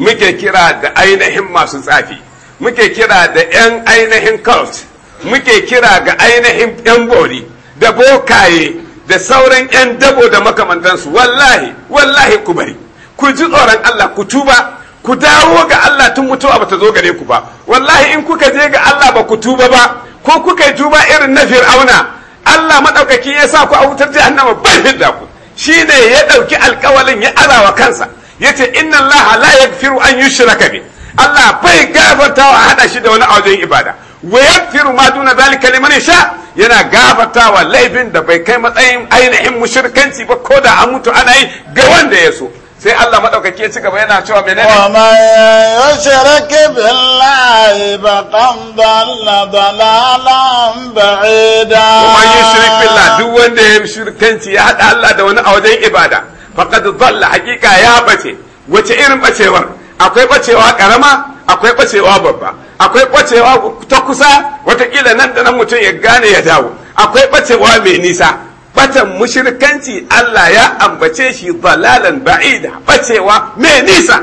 muke kira da ainihin masu tsafi muke kira da 'yan ainihin cult muke kira ga ainihin 'yan da bokaye da sauran 'yan dabo da makamantansu wallahi wallahi ku bari ku ji tsoron Allah ku tuba ku dawo ga Allah tun mutuwa bata zo gare ku ba wallahi in kuka je ga Allah ba ku tuba ba ko kuka yi tuba irin na fir'auna Allah madaukaki ya sa ku a wutar jahannama ba hidda ku ne ya dauki alkawalin ya arawa kansa yace inna Allah la yaghfiru an yushraka bi Allah bai gafarta wa hada shi da wani wajen ibada wa yaghfiru ma duna zalika liman yasha yana wa laifin da bai kai matsayin ainihin mushrikanci ba ko da an mutu ana yi ga wanda ya so sai Allah madaukake ci gaba yana cewa menene wa ma yushrik billahi faqad dalla dalalan ba'ida wa ma yushrik billahi duk wanda ya mushrikanci ya hada Allah da wani a wajen ibada faqad dalla hakika ya bace wace irin bacewar akwai bacewa karama akwai ɓacewa babba akwai ɓacewa ta kusa watakila nan da nan mutum ya gane ya dawo akwai bacewa mai nisa batan mushrikanci Allah ya ambace shi dalalan ba'ida bacewa mai nisa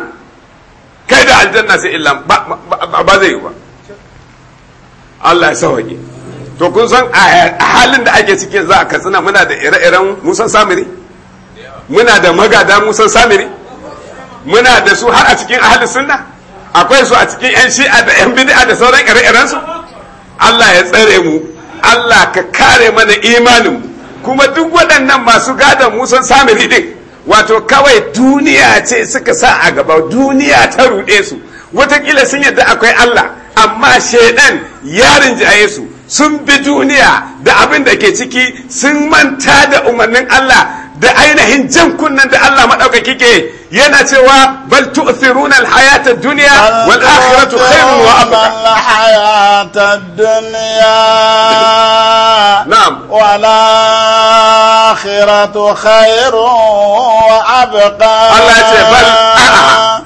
kai da aljanna sai illa ba zai yi ba Allah ya sauke to kun san a halin da ake cikin za a katsina muna da ire-iren musan samiri muna da magada musan samiri muna da su har a cikin ahalin sunna akwai su a cikin 'yan shi'a da 'yan bidi'a da sauran ire-irensu Allah ya tsare mu Allah ka kare mana imanin kuma duk waɗannan masu gadon mu sun sami ridin wato kawai duniya ce suka sa a gaba duniya ta ruɗe su watakila sun yadda akwai Allah amma shaidan yarin jaye su sun bi duniya da abin da ke ciki sun manta da umarnin Allah da ainihin jan kunnen da Allah maɗaukaki ke yana cewa bal tu'thiruna al-hayata ad-dunya wal akhiratu khairun wa abqa al-hayata ad-dunya na'am wal akhiratu khairun wa abqa Allah ce bal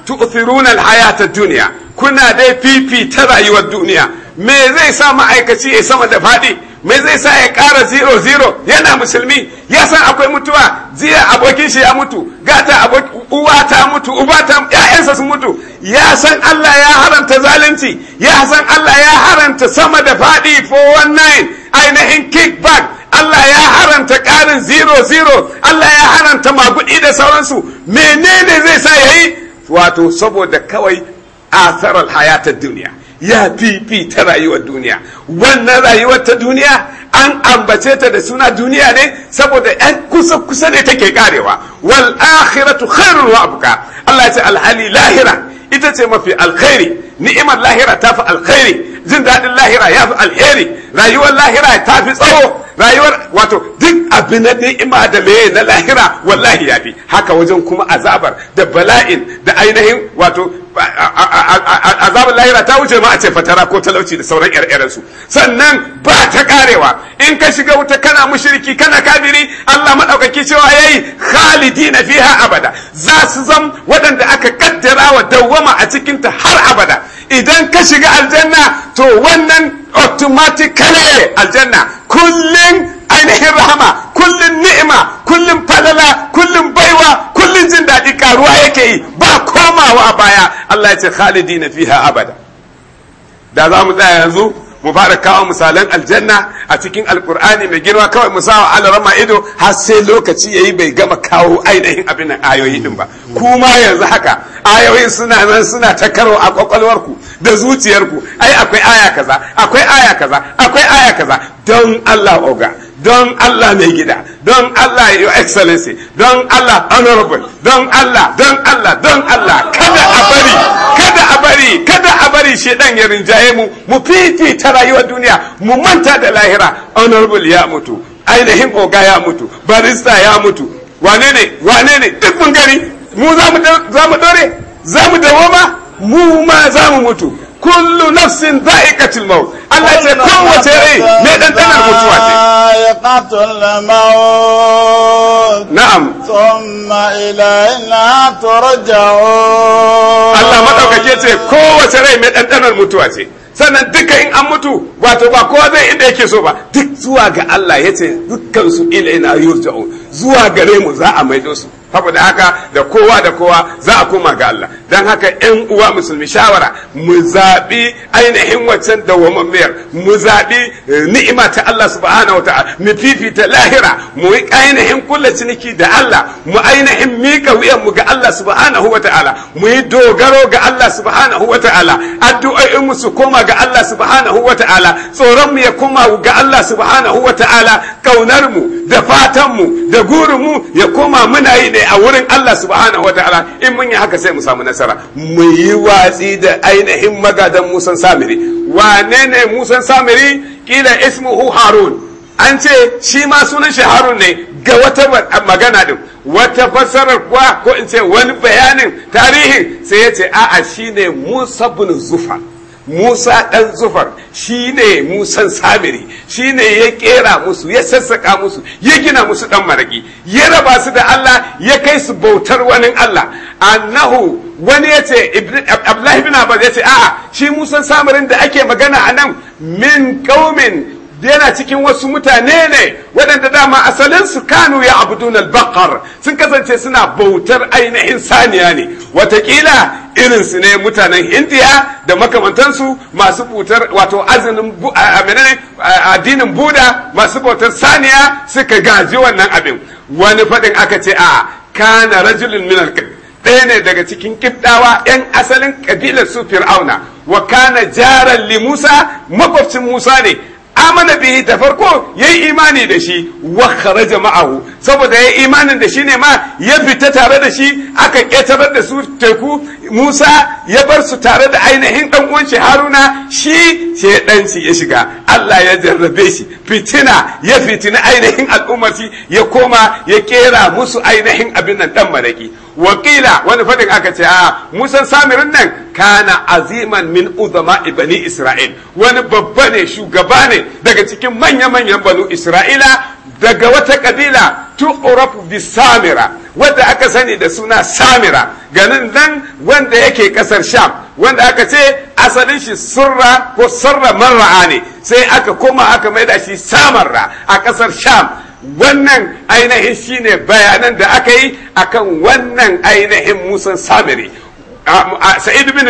tu'thiruna al-hayata ad-dunya kuna dai fifita rayuwar duniya me zai sa ma'aikaci ya sama da faɗi me zai sa ya ƙara zero zero yana musulmi ya san akwai mutuwa jiya abokin shi ya mutu gata uwa ta mutu uba ta ƴaƴansa sun mutu ya san Allah ya haranta zalunci ya san Allah ya haranta sama da faɗi 419 ainihin kickback Allah ya haranta ƙarin zero zero Allah ya haranta maguɗi da sauransu menene zai sa ya yi? wato saboda kawai asarar hayatar duniya ya fifi ta rayuwar duniya wannan rayuwar ta duniya an ambace ta da suna duniya ne saboda yan kusa kusa ne take karewa wal akhiratu khairun wa abqa Allah ya ce alhali lahira ita ce mafi alkhairi ni'imar lahira ta fi alkhairi jin daɗin lahira ya fi alheri rayuwar lahira ta fi tsawo rayuwar wato duk abin na ni'ima da me na lahira wallahi ya fi haka wajen kuma azabar da bala'in da ainihin wato azabar lahira ta wuce ma a ce fatara ko talauci da sauran su sannan ba ta karewa in ka shiga wuta kana mushriki kana kafiri Allah madaukaki cewa yayi khalidina fiha abada za su zam waɗanda aka kaddara wa dawwama a cikin ta har abada idan ka shiga aljanna to wannan automatically aljanna kullin ainihin rahama kullun ni'ima kullin falala kullin baiwa kullin jin daɗi karuwa yake yi ba komawa a baya Allah ya ce khalidina fiha abada da za mu tsaya yanzu mu fara kawo misalan aljanna a cikin alkur'ani mai girma kawai mu sa wa alarama ido har sai lokaci yayi bai gama kawo ainihin abin nan ayoyi din ba kuma yanzu haka ayoyin suna nan suna ta karo a kwakwalwarku da zuciyarku ai akwai aya kaza akwai aya kaza akwai aya kaza don Allah oga don Allah mai gida don Allah your excellency don Allah honorable don Allah don Allah don Allah kada a bari kada a bari kada a bari shi dan ya rinjaye mu mu fiti ta rayuwar duniya mu manta da lahira honorable ya mutu ainihin oga ya mutu barista ya mutu wane ne wane ne duk mun gari mu za mu dore za mu dawo ma mu ma za mu mutu kullu nafsin dha'iqatul maut Allah ce kowace rai mai dandanar mutuwa ce dha'iqatul maut na'am thumma ilayna turja'u Allah madaukake ce kowace rai mai dandanar mutuwa ce sannan duka in an mutu wato ba kowa zai inda yake so ba duk zuwa ga Allah yace dukkan su ilayna yurja'u zuwa gare mu za a maido su saboda haka da kowa da kowa za a koma ga Allah don haka yan uwa musulmi shawara mu zaɓi ainihin waccan dawwamammiyar mu zaɓi eh, ni'ima ta Allah subhanahu wa ta'ala mu fifita lahira mu yi ainihin kulla ciniki da Allah mu ainihin mika wuyan mu ga Allah subhanahu wa ta'ala mu yi dogaro ga Allah subhanahu wa ta'ala addu'o'in mu su koma ga Allah subhanahu wa ta'ala tsoron mu ya koma ga Allah subhanahu wa ta'ala kaunar mu da fatan mu da gurin mu ya koma muna yi ne a wurin Allah subhanahu wataala in mun yi haka sai mu samu nasara mu yi watsi da ainihin magadan musan samiri wane ne musan samiri kila ismuhu harun an ce shi ma sunan shi harun ne ga wata magana din wata fassarar kuwa ko in ce wani bayanin tarihin sai ya ce a'a shine musa bin zufa musa ɗan zufar shi ne musan samiri shi ne ya ƙera musu ya sassaƙa musu ya gina musu ɗan maraƙi ya raba su da allah ya kai su bautar wani allah annahu wani ya ce abdullahi bin abbas ya ce a'a shi musan samirin da ake magana a nan min ƙaumin yana cikin wasu mutane ne waɗanda dama asalin su kanu ya abudun albakar sun kasance suna bautar ainihin saniya ne watakila irinsu su ne mutanen indiya da makamantansu masu bautar wato azinin addinin buda masu bautar saniya suka gaji wannan abin wani faɗin aka ce a kana rajulun minal ɗaya ne daga cikin kiddawa 'yan asalin kabilar su fir'auna wa kana jaran li musa makwabcin musa ne amana bihi da farko yayi imani da shi wa kharaja ma'ahu saboda yayi imanin da shi ne ma ya fita tare da shi aka ketarar da su teku Musa ya bar su tare da ainihin dan uwan shi Haruna shi shedan shi ya shiga Allah ya jarrabe shi fitina ya fitina ainihin al'ummar shi ya koma ya kera musu ainihin abin nan dan maraki wakila wani fadin aka ce a musa samirin nan kana aziman min uzama ibani isra'il wani babba ne shugaba ne daga cikin manya-manyan banu isra'ila daga wata kabila tu'rafu bi samira wadda aka sani da suna samira ganin nan wanda yake kasar sham wanda aka ce asalin shi surra ko surra marra'a ne sai aka koma aka maida shi samarra a kasar sham wannan ainihin shine bayanan da aka yi akan wannan ainihin musan samiri sa'id bin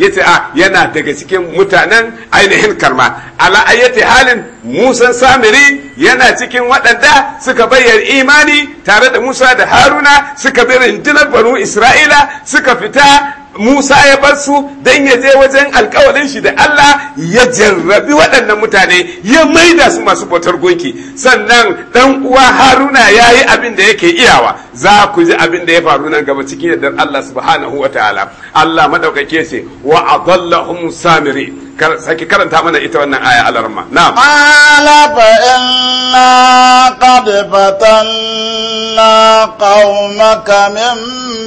ya ce a ah, yana daga cikin mutanen ainihin karma ala ayyati halin musan samiri yana cikin waɗanda suka bayyana imani tare da musa da haruna suka bi rundunar banu isra'ila suka fita Musa ya bar su don ya je wajen alkawalin shi da Allah ya jarrabi waɗannan mutane ya maida su masu bautar gunki sannan ɗan uwa Haruna ya yi abin da yake iyawa za ku ji abin da ya faru nan gaba cikin yadda Allah subhanahu wa ta'ala Allah madaukake ce wa adallahum samiri sake karanta mana ita wannan aya alarma na'am ala fa inna qad fatanna qaumaka min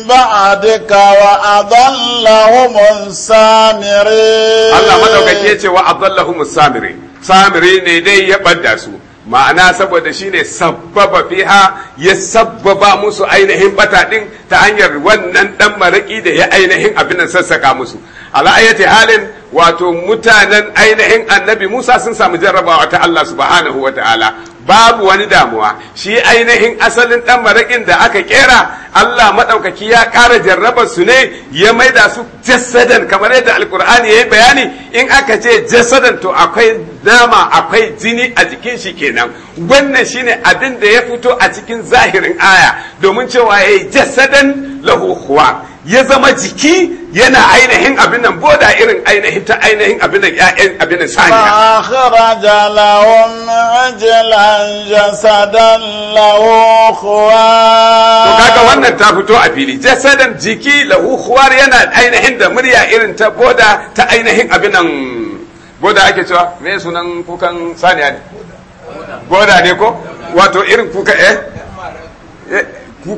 ba'dika wa adallahum samiri Allah madaukake ce wa adallahum samiri samiri ne dai ya badda su ma'ana saboda shine sababa fiha ya sababa musu ainihin bata din ta hanyar wannan dan maraki da ya ainihin abin nan sassaka musu ala ayati halin wato mutanen ainihin annabi Musa sun samu jarrabawa ta Allah subhanahu wa ta'ala babu wani damuwa shi ainihin asalin dan maraƙin da aka kera Allah maɗaukaki ya kara jarrabar su ne ya maida su jasadan kamar yadda alkur'ani ya yi bayani in aka ce jasadan to akwai nama akwai jini a jikin shi kenan wannan shine abin da ya fito a cikin zahirin aya domin cewa ya yi jasadan lahu ya zama jiki yana ainihin abin nan boda irin ainihin ta ainihin abin nan ƴaƴan abin nan saniya fa kharaja lahum ajlan jasadan lahu khuwa to kaga wannan ta fito a fili jasadan jiki lahu khuwar yana ainihin da murya irin ta boda ta ainihin abin nan boda ake cewa me sunan kukan saniya ne boda ne ko wato irin kuka eh, eh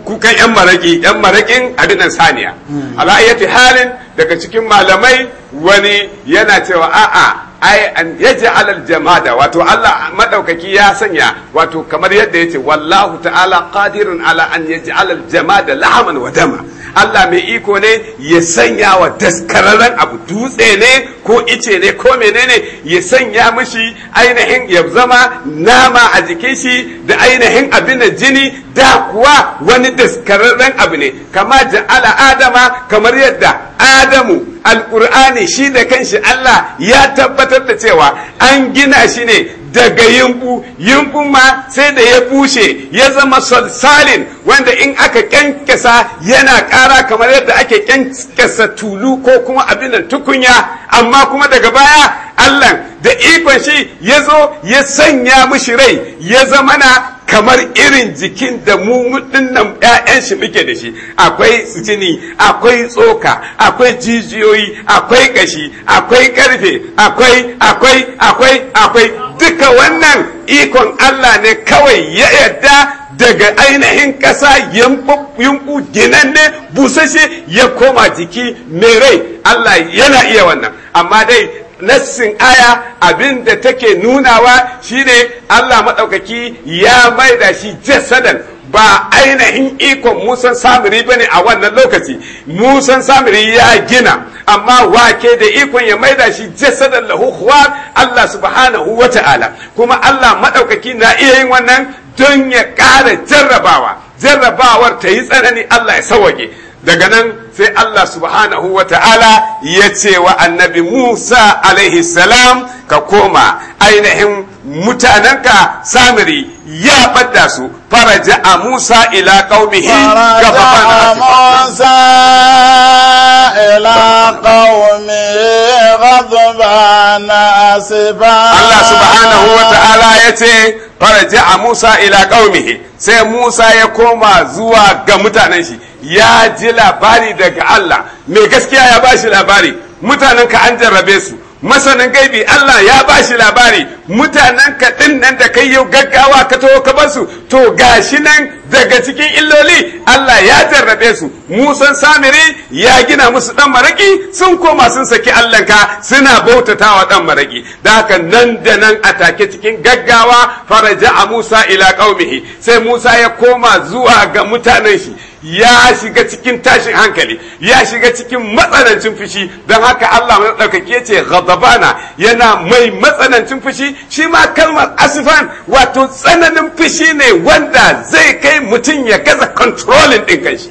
kukan yan maraki yan marakin abinan saniya hmm. ala'ayyati halin daga cikin malamai wani yana cewa a'a ai an yaji alal jamada wato Allah madaukaki ya sanya wato kamar yadda yace wallahu ta'ala qadirun ala an yaji alal jamada lahaman wa dama Allah mai iko ne ya sanya wa daskararren abu dutse ne ko ice ne ko menene ya sanya mishi ainihin ya zama nama a jikin shi da ainihin abin jini da kuwa wani daskararren abu ne kama ja'ala adama kamar yadda adamu alƙur'ani shi da kanshi Allah ya tabbatar da cewa an gina shi ne daga yinku yinku ma sai da ya bushe ya zama salsalin wanda in aka kyankasa yana ƙara kamar yadda ake kyankasa tulu ko kuma abin da tukunya amma kuma daga baya Allah da ikon shi ya zo ya sanya mushi rai ya zama na kamar irin jikin da mu dinnan ƴaƴan shi muke da shi akwai jini akwai tsoka akwai jijiyoyi akwai kashi akwai karfe akwai akwai akwai akwai duka wannan ikon Allah ne kawai ya yarda daga ainihin ƙasa yunku ne busashe ya koma jiki mai rai Allah yana iya wannan amma dai nassin aya abin da take nunawa shine Allah maɗaukaki ya maida shi jasadan ba ainihin ikon musan samiri bane a wannan lokaci musan samiri ya gina amma wake da ikon ya maida shi jasadan lahu huwan Allah subhanahu wa ta'ala kuma Allah maɗaukaki na iya yin wannan don ya ƙara jarrabawa jarrabawar ta yi tsanani Allah ya sawage daga nan sai Allah subhanahu wa ta'ala ya ce wa annabi Musa alaihi salam ka koma ainihin mutanenka samiri ya ɓadda su faraja a Musa ila ƙaumihi Allah subhanahu wa ta'ala ya ce faraja a Musa ila ƙaumihi sai Musa ya koma zuwa ga mutanen shi ya ji labari daga Allah mai gaskiya ya bashi labari mutanen ka an jarrabe su masanin gaibi Allah ya bashi labari mutanen ka din nan da kai yau gaggawa ka taho ka bar su to gashi nan daga cikin illoli Allah ya jarrabe su Musan Samiri ya gina musu dan maraki sun koma sun saki Allahnka suna bautatawa dan maraki da haka nan da nan a take cikin gaggawa faraja a Musa ila qaumihi sai Musa ya koma zuwa ga mutanen shi ya shiga cikin tashin hankali ya shiga cikin matsanancin fushi don haka Allah mai ɗaukake ce ghadabana yana mai matsanancin fushi shi ma kalmar asifan wato tsananin fushi ne wanda zai kai sai mutum ya gaza controlling kan shi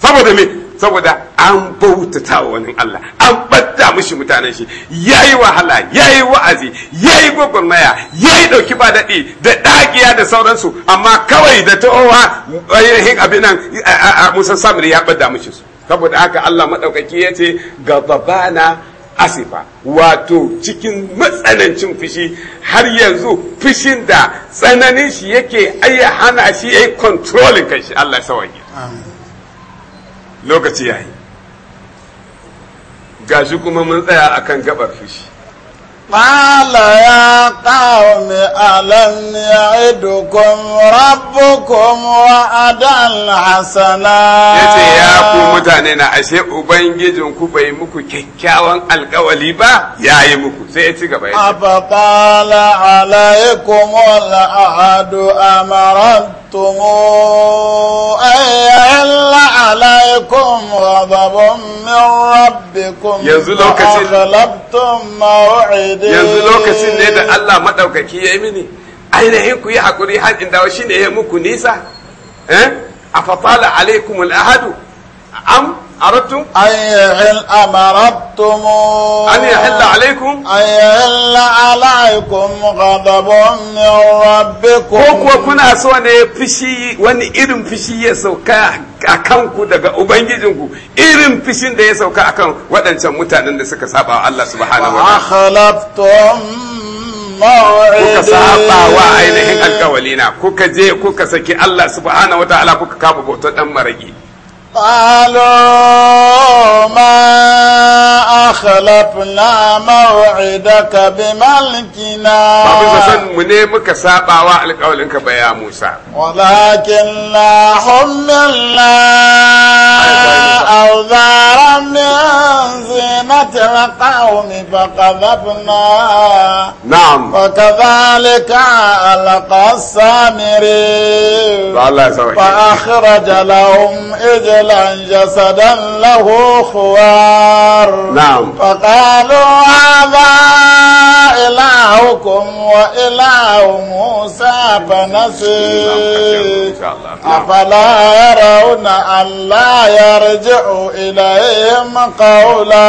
saboda me saboda an bauta wa wani Allah an batta mishi mutanen shi yayi wahala yayi wa'azi yayi gwagwarmaya yayi ɗauki ba daɗi da ɗagiya da sauransu amma kawai da ta'owa ainihin abin nan musan samiri ya ɓadda mushi su saboda haka Allah maɗaukaki ya ce gababana asifa wato cikin matsanancin fushi har yanzu fushin da tsananin shi yake ayya hana shi yayi controlling kanshi Allah sawaki lokaci yayi gashi kuma mun tsaya akan gabar fushi قال يا قوم ألم يعدكم ربكم وعدا حسنا yace ya ku mutane na ashe ubangijin ku bai muku kyakkyawan alkawali ba yayi muku sai ya ci ba. yace alaikum al'ahadu amarantum ay alla عليكم غضب من ربكم فأغلبتم موعدي yanzu lokacin ne da Allah madaukaki yayi mini ainihin ku yi hakuri har inda dawo shine ya muku nisa eh afatala alaikum al-ahadu am aradtum ay hil amaradtum an yahilla alaykum ay yahilla alaykum ghadabun min rabbikum ko kuwa kuna so ne fishi wani irin fishi ya sauka a kanku daga ubangijinku irin fishin da ya sauka akan waɗancan mutanen da suka saba Allah subhanahu wa ta'ala akhlaftum kuka saba wa ainihin alkawalina kuka je kuka saki Allah subhanahu wataala kuka kafa bautar dan maraki قالوا ما أخلفنا موعدك بملكنا ولكننا حملنا أوزارا من زينة القوم فقذفنا نعم وكذلك ألقى السامري فأخرج لهم إجراء رجلا جسدا له خوار نعم فقالوا هذا إلهكم وإله موسى فنسي نعم، أفلا يرون ألا يرجع إليهم قولا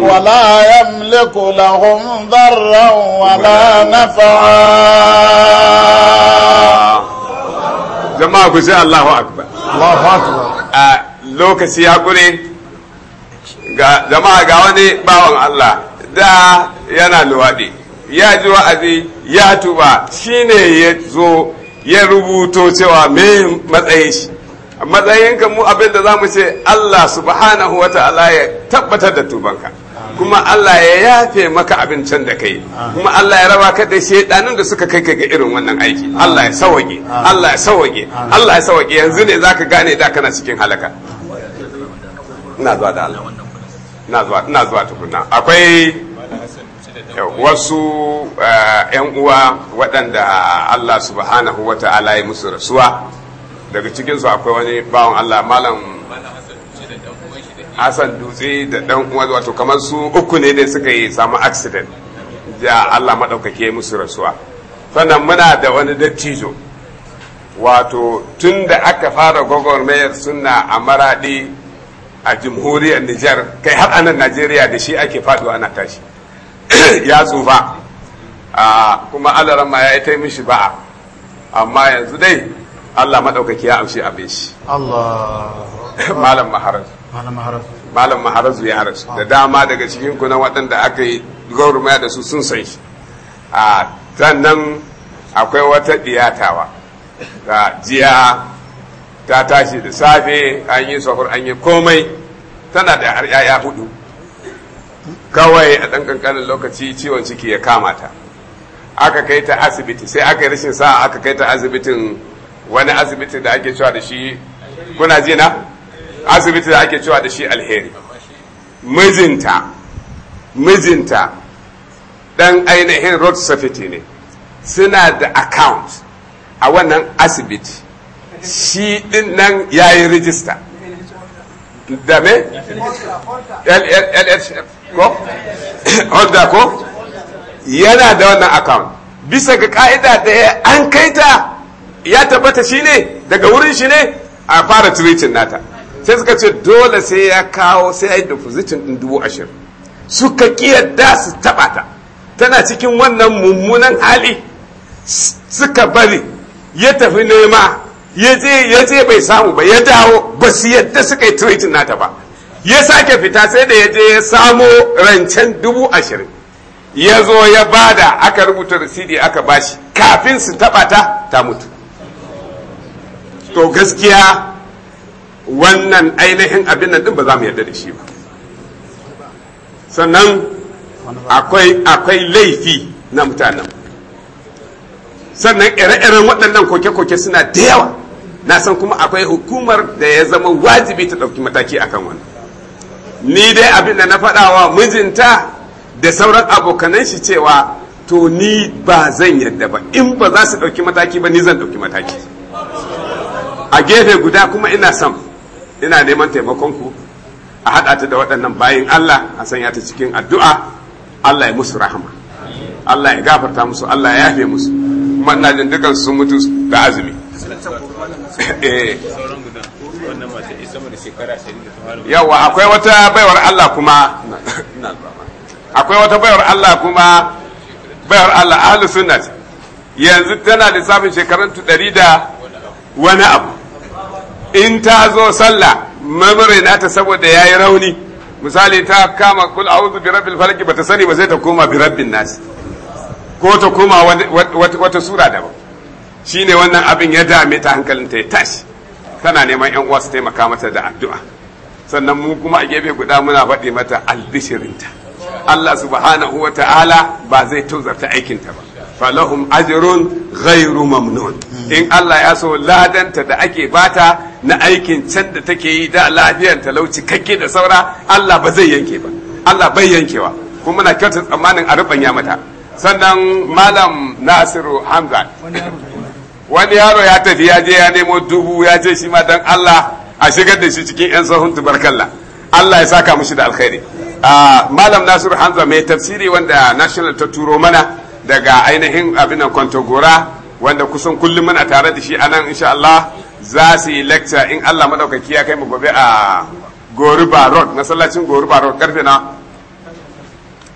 ولا يملك لهم ضرا ولا نعم. نفعا جماعة الله أكبر a lokaci ya kure ga jama'a ga wani bawan Allah da yana luwaɗi ya ji wa'azi ya tuba shine ya zo ya rubuto cewa me matsayin shi matsayinka mu abin da za mu ce Allah subhanahu wa ta'ala ya tabbatar da tubanka kuma Allah ya yafe maka abincin da kai kuma Allah ya raba ka da shedanin da suka kai ka ga irin wannan aiki Allah ya sawage Allah ya sawage Allah ya sawage yanzu ne zaka gane da kana cikin halaka ina zuwa da Allah ina zuwa ina zuwa tukunna akwai wasu yan eh, uwa waɗanda Allah subhanahu wata'ala ya musu rasuwa daga cikinsu akwai wani bawan Allah malam hassan dutse da dan uwa wato kamar su uku ne da suka yi samu accident Ya Allah maɗaukake musu rasuwa sannan muna da wani dattijo wato tun da aka fara gwagwarmayar suna a maraɗi a jamhuriyar Nijar kai har anan Najeriya da shi ake faɗuwa ana tashi ya tsufa kuma rama ya yi ta mishi ba amma yanzu dai Allah maɗaukaki ya amshi abin shi. Allah. Malam Maharaj. malam maharazu ya harasu ah. da dama daga cikin kuna waɗanda aka yi gaurumaya da su sun san shi a ah, sannan akwai wata ɗiyatawa da ah, jiya ta tashi da safe an yi sahur an yi komai tana da har yaya hudu kawai a ɗan ƙanƙanin lokaci ciwon ciki ya kama ta aka kai ta asibiti sai aka yi rashin sa aka kai ta asibitin wani asibiti da ake cewa da shi kuna jina. asibiti da ake cewa da shi alheri mijinta mijinta dan ainihin road safety ne suna da account a wannan asibiti shi din nan ya yi rijista da me? lhf ko? holder ko? yana da wannan account bisa ga ka'ida da an kaita ya tabbata shi ne daga wurin shi ne a fara treating nata sai suka ce dole sai ya kawo sai ya yi depositin din dubu ashirin suka kiyarda su taɓa ta tana cikin wannan mummunan hali suka bari ya tafi nema ya je bai samu ba ya dawo ba su yadda suka yi treatin nata ba ya sake fita sai da ya je ya samo rancen dubu ashirin ya zo ya bada aka rubuta rasidi aka bashi kafin su taɓa ta ta mutu to gaskiya wannan ainihin abin nan din ba za mu yarda da shi ba sannan akwai laifi na mutanen sannan ire-iren waɗannan koke-koke suna da yawa na san kuma akwai hukumar da ya zama wajibi ta ɗauki mataki akan wani ni dai abin da na faɗawa mijinta da sauran abokanan shi cewa to ni ba zan yadda ba in ba za su ɗauki mataki ba ni zan ɗauki mataki a gefe guda kuma ina son ina neman taimakonku a haɗa ta da waɗannan bayin Allah a sanya ta cikin addu'a Allah ya musu rahama Allah ya gafarta musu Allah ya yafe musu kuma ina jin dukan sun mutu da azumi eh. yawa akwai wata baiwar Allah kuma akwai wata baiwar Allah kuma baiwar Allah ahlus sunna yanzu tana lissafin shekarun 100 da wani abu in ta zo sallah mamarai nata saboda ya yi rauni misali ta kama kul a'udhu bi rabbil falaq ba ta sani ba sai ta koma bi rabbin nas ko ta koma wata sura daban shine wannan abin ya dame ta hankalin ta ya tashi tana neman yan uwa su taimaka mata da addu'a sannan mu kuma a gefe guda muna faɗi mata albishirinta Allah subhanahu wa ta'ala ba zai tozarta aikinta ba falahum ajrun ghairu mamnun in Allah ya so ladanta da ake bata na aikin can da take yi da lafiyar talauci kakke da saura Allah ba zai yanke ba Allah bai yankewa kuma muna kyauta tsammanin a rubanya mata sannan malam Nasiru Hamza wani yaro ya tafi ya je ya nemo dubu ya je shi ma dan Allah a shigar da shi cikin yan sahun tubarkalla Allah ya saka mushi da alkhairi ah, malam Nasiru Hamza mai tafsiri wanda national ta turo mana daga ainihin abinan kwantogora wanda kusan kullum muna tare da shi anan insha Allah za su yi lecture in Allah madaukaki ya kai mu gobe a Goruba Road masallacin Goruba Road karfe na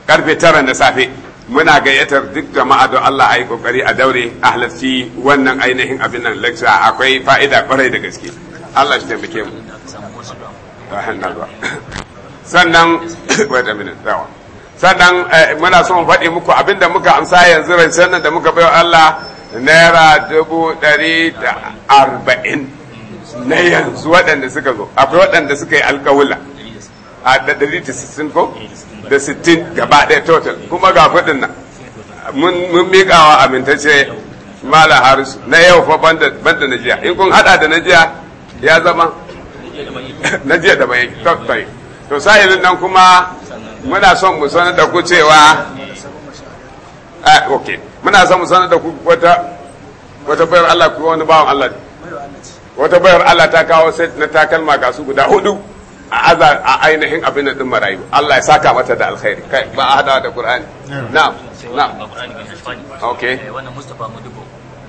karfe tara na safe muna gayyatar duk jama'a don Allah ayi kokari a daure a halarci wannan ainihin abin nan lecture akwai fa'ida kwarai da gaske Allah shi taimake mu sannan wait a minute sannan eh, muna son faɗi muku abinda muka amsa yanzu sannan da muka baiwa Allah naira dubu ɗari da arba'in na yanzu waɗanda suka zo akwai waɗanda suka yi alkawula a ɗari da sittin ko da sittin gaba ɗaya total kuma ga faɗin nan mun miƙawa amintacce mala harisu na yau fa banda na jiya in kun haɗa da na jiya ya zama na jiya da bai to sa'ilin nan kuma muna son mu sanar da ku cewa ah okay muna son mu sanar da ku wata wata bayar Allah ku wani bawan Allah wata bayar Allah ta kawo set na takalma ga su guda hudu a aza a ainihin abin da din marayu Allah ya saka mata da alkhairi kai ba a hada da Qur'ani na'am na'am ok eh, wannan Mustafa Modibo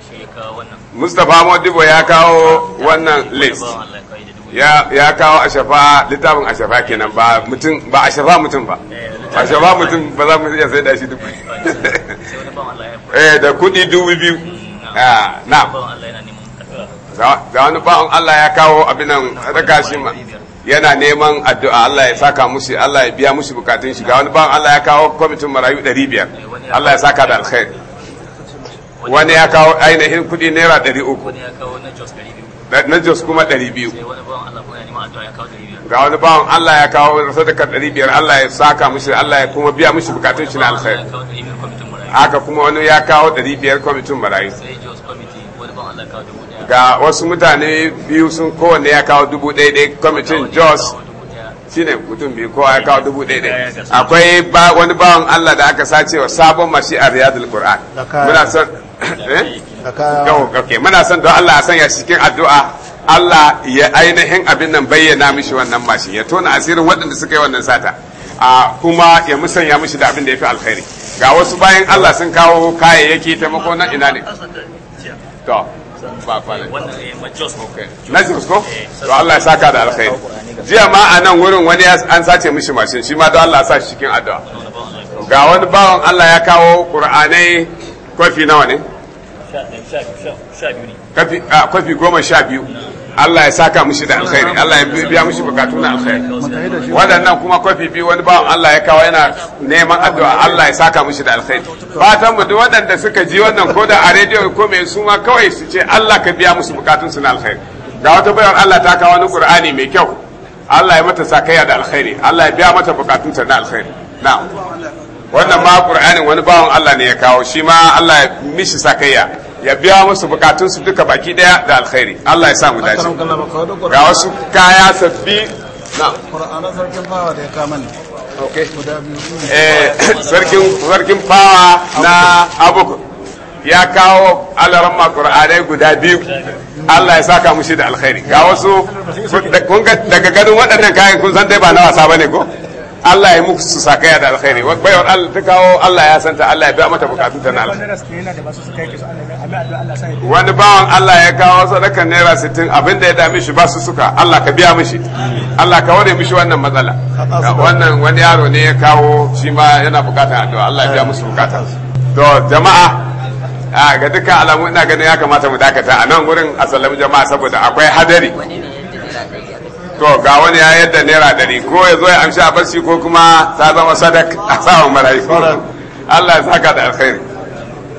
shi ya kawo wannan Mustafa Modibo ya kawo wannan list ya kawo ashafa littafin ashafa kenan ba mutum ba ashafa mutum ba ashafa mutum ba za mu iya sai da shi duk eh da kudi dubu biyu hmm. ah, na za wani ba'on Allah ya kawo abinan sadaka shi ma yana neman addu'a Allah ya saka musu Allah ya biya musu bukatun shi ga wani ba'on Allah ya kawo kwamitin marayu 500 eh, Allah ya saka da alkhair wani ya kawo ainihin kudi naira 300 na jos kuma ɗari biyu ga wani bawan Allah ya kawo sadaka ɗari biyar Allah ya saka mushi Allah ya kuma biya mushi bukatun shi na alkhairi haka kuma wani ya kawo ɗari biyar kwamitin marayu ga wasu mutane biyu sun kowanne ya kawo dubu ɗaya ɗaya kwamitin jos ne mutum biyu kowa ya kawo dubu akwai wani bawan Allah da aka sace wa sabon mashi a riyadul qur'an muna son eh? ok muna son don Allah ya sanya shi cikin addu'a Allah ya ainihin abin nan bayyana mishi wannan mashin ya tona asirin waɗanda suka yi wannan sata a kuma ya musanya mishi da abin da ya fi alkhairi ga wasu bayan Allah sun kawo kayayyaki taimako na ina ne to ba kwanan na jos ko to Allah ya saka da alkhairi jiya ma a nan wurin wani an sace mishi mashin shi ma don Allah ya sa shi cikin addu'a ga wani bawan Allah ya kawo Qur'anai Kofi nawa ne kwafi goma sha biyu Allah ya saka mushi da alkhairi Allah ya biya mushi bukatu na alkhairi waɗannan kuma kwafi biyu wani ba Allah ya kawo yana neman addu'a Allah ya saka mushi da alkhairi fatan mu duk waɗanda suka ji wannan ko da a rediyo ko mai ma kawai su ce Allah ka biya musu bukatun su na alkhairi ga wata bayan Allah ta kawo wani Qur'ani mai kyau Allah ya mata sakaya da alkhairi Allah ya biya mata bukatun ta na alkhairi na'am wannan ma Qur'anin wani bawan Allah ne ya kawo shi ma Allah ya mishi sakayya ya biya musu bukatunsu duka baki daya da alkhairi Allah ya sa mu dace ga wasu kaya sabbi na qur'ana sarkin fawa da ya kama ni okay eh sarkin sarkin fawa na Abuku ya kawo alaramma qur'ana guda biyu Allah ya saka mu shi da alkhairi ga wasu daga gadon waɗannan kayan kun san dai ba na wasa bane ko Allah ya muku su saka da alkhairi wa bayar Allah ta kawo Allah ya santa Allah ya biya mata bukatun ta na wani bawan Allah ya kawo sadaka naira 60 abin da ya dami shi ba su suka Allah ka biya mishi Allah ka ware mishi wannan matsala wannan wani yaro ne ya kawo shi ma yana bukatar addu'a Allah ya biya musu bukata to jama'a a ga dukkan alamu ina ganin ya kamata mu dakata a nan gurin a sallami jama'a saboda akwai hadari to ga wani ya yadda naira dari ko ya zo ya amshi a barci ko kuma ta zama sadak a samun marayu Allah ya saka da alkhairi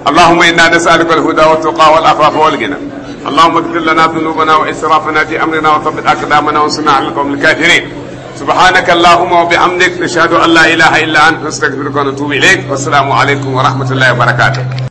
اللهم انا نسالك الهدى والتقى والعفاف والغنى اللهم اغفر لنا ذنوبنا واسرافنا في امرنا وثبت اقدامنا وانصرنا على القوم الكافرين سبحانك اللهم وبحمدك نشهد ان لا اله الا انت نستغفرك ونتوب اليك والسلام عليكم ورحمه الله وبركاته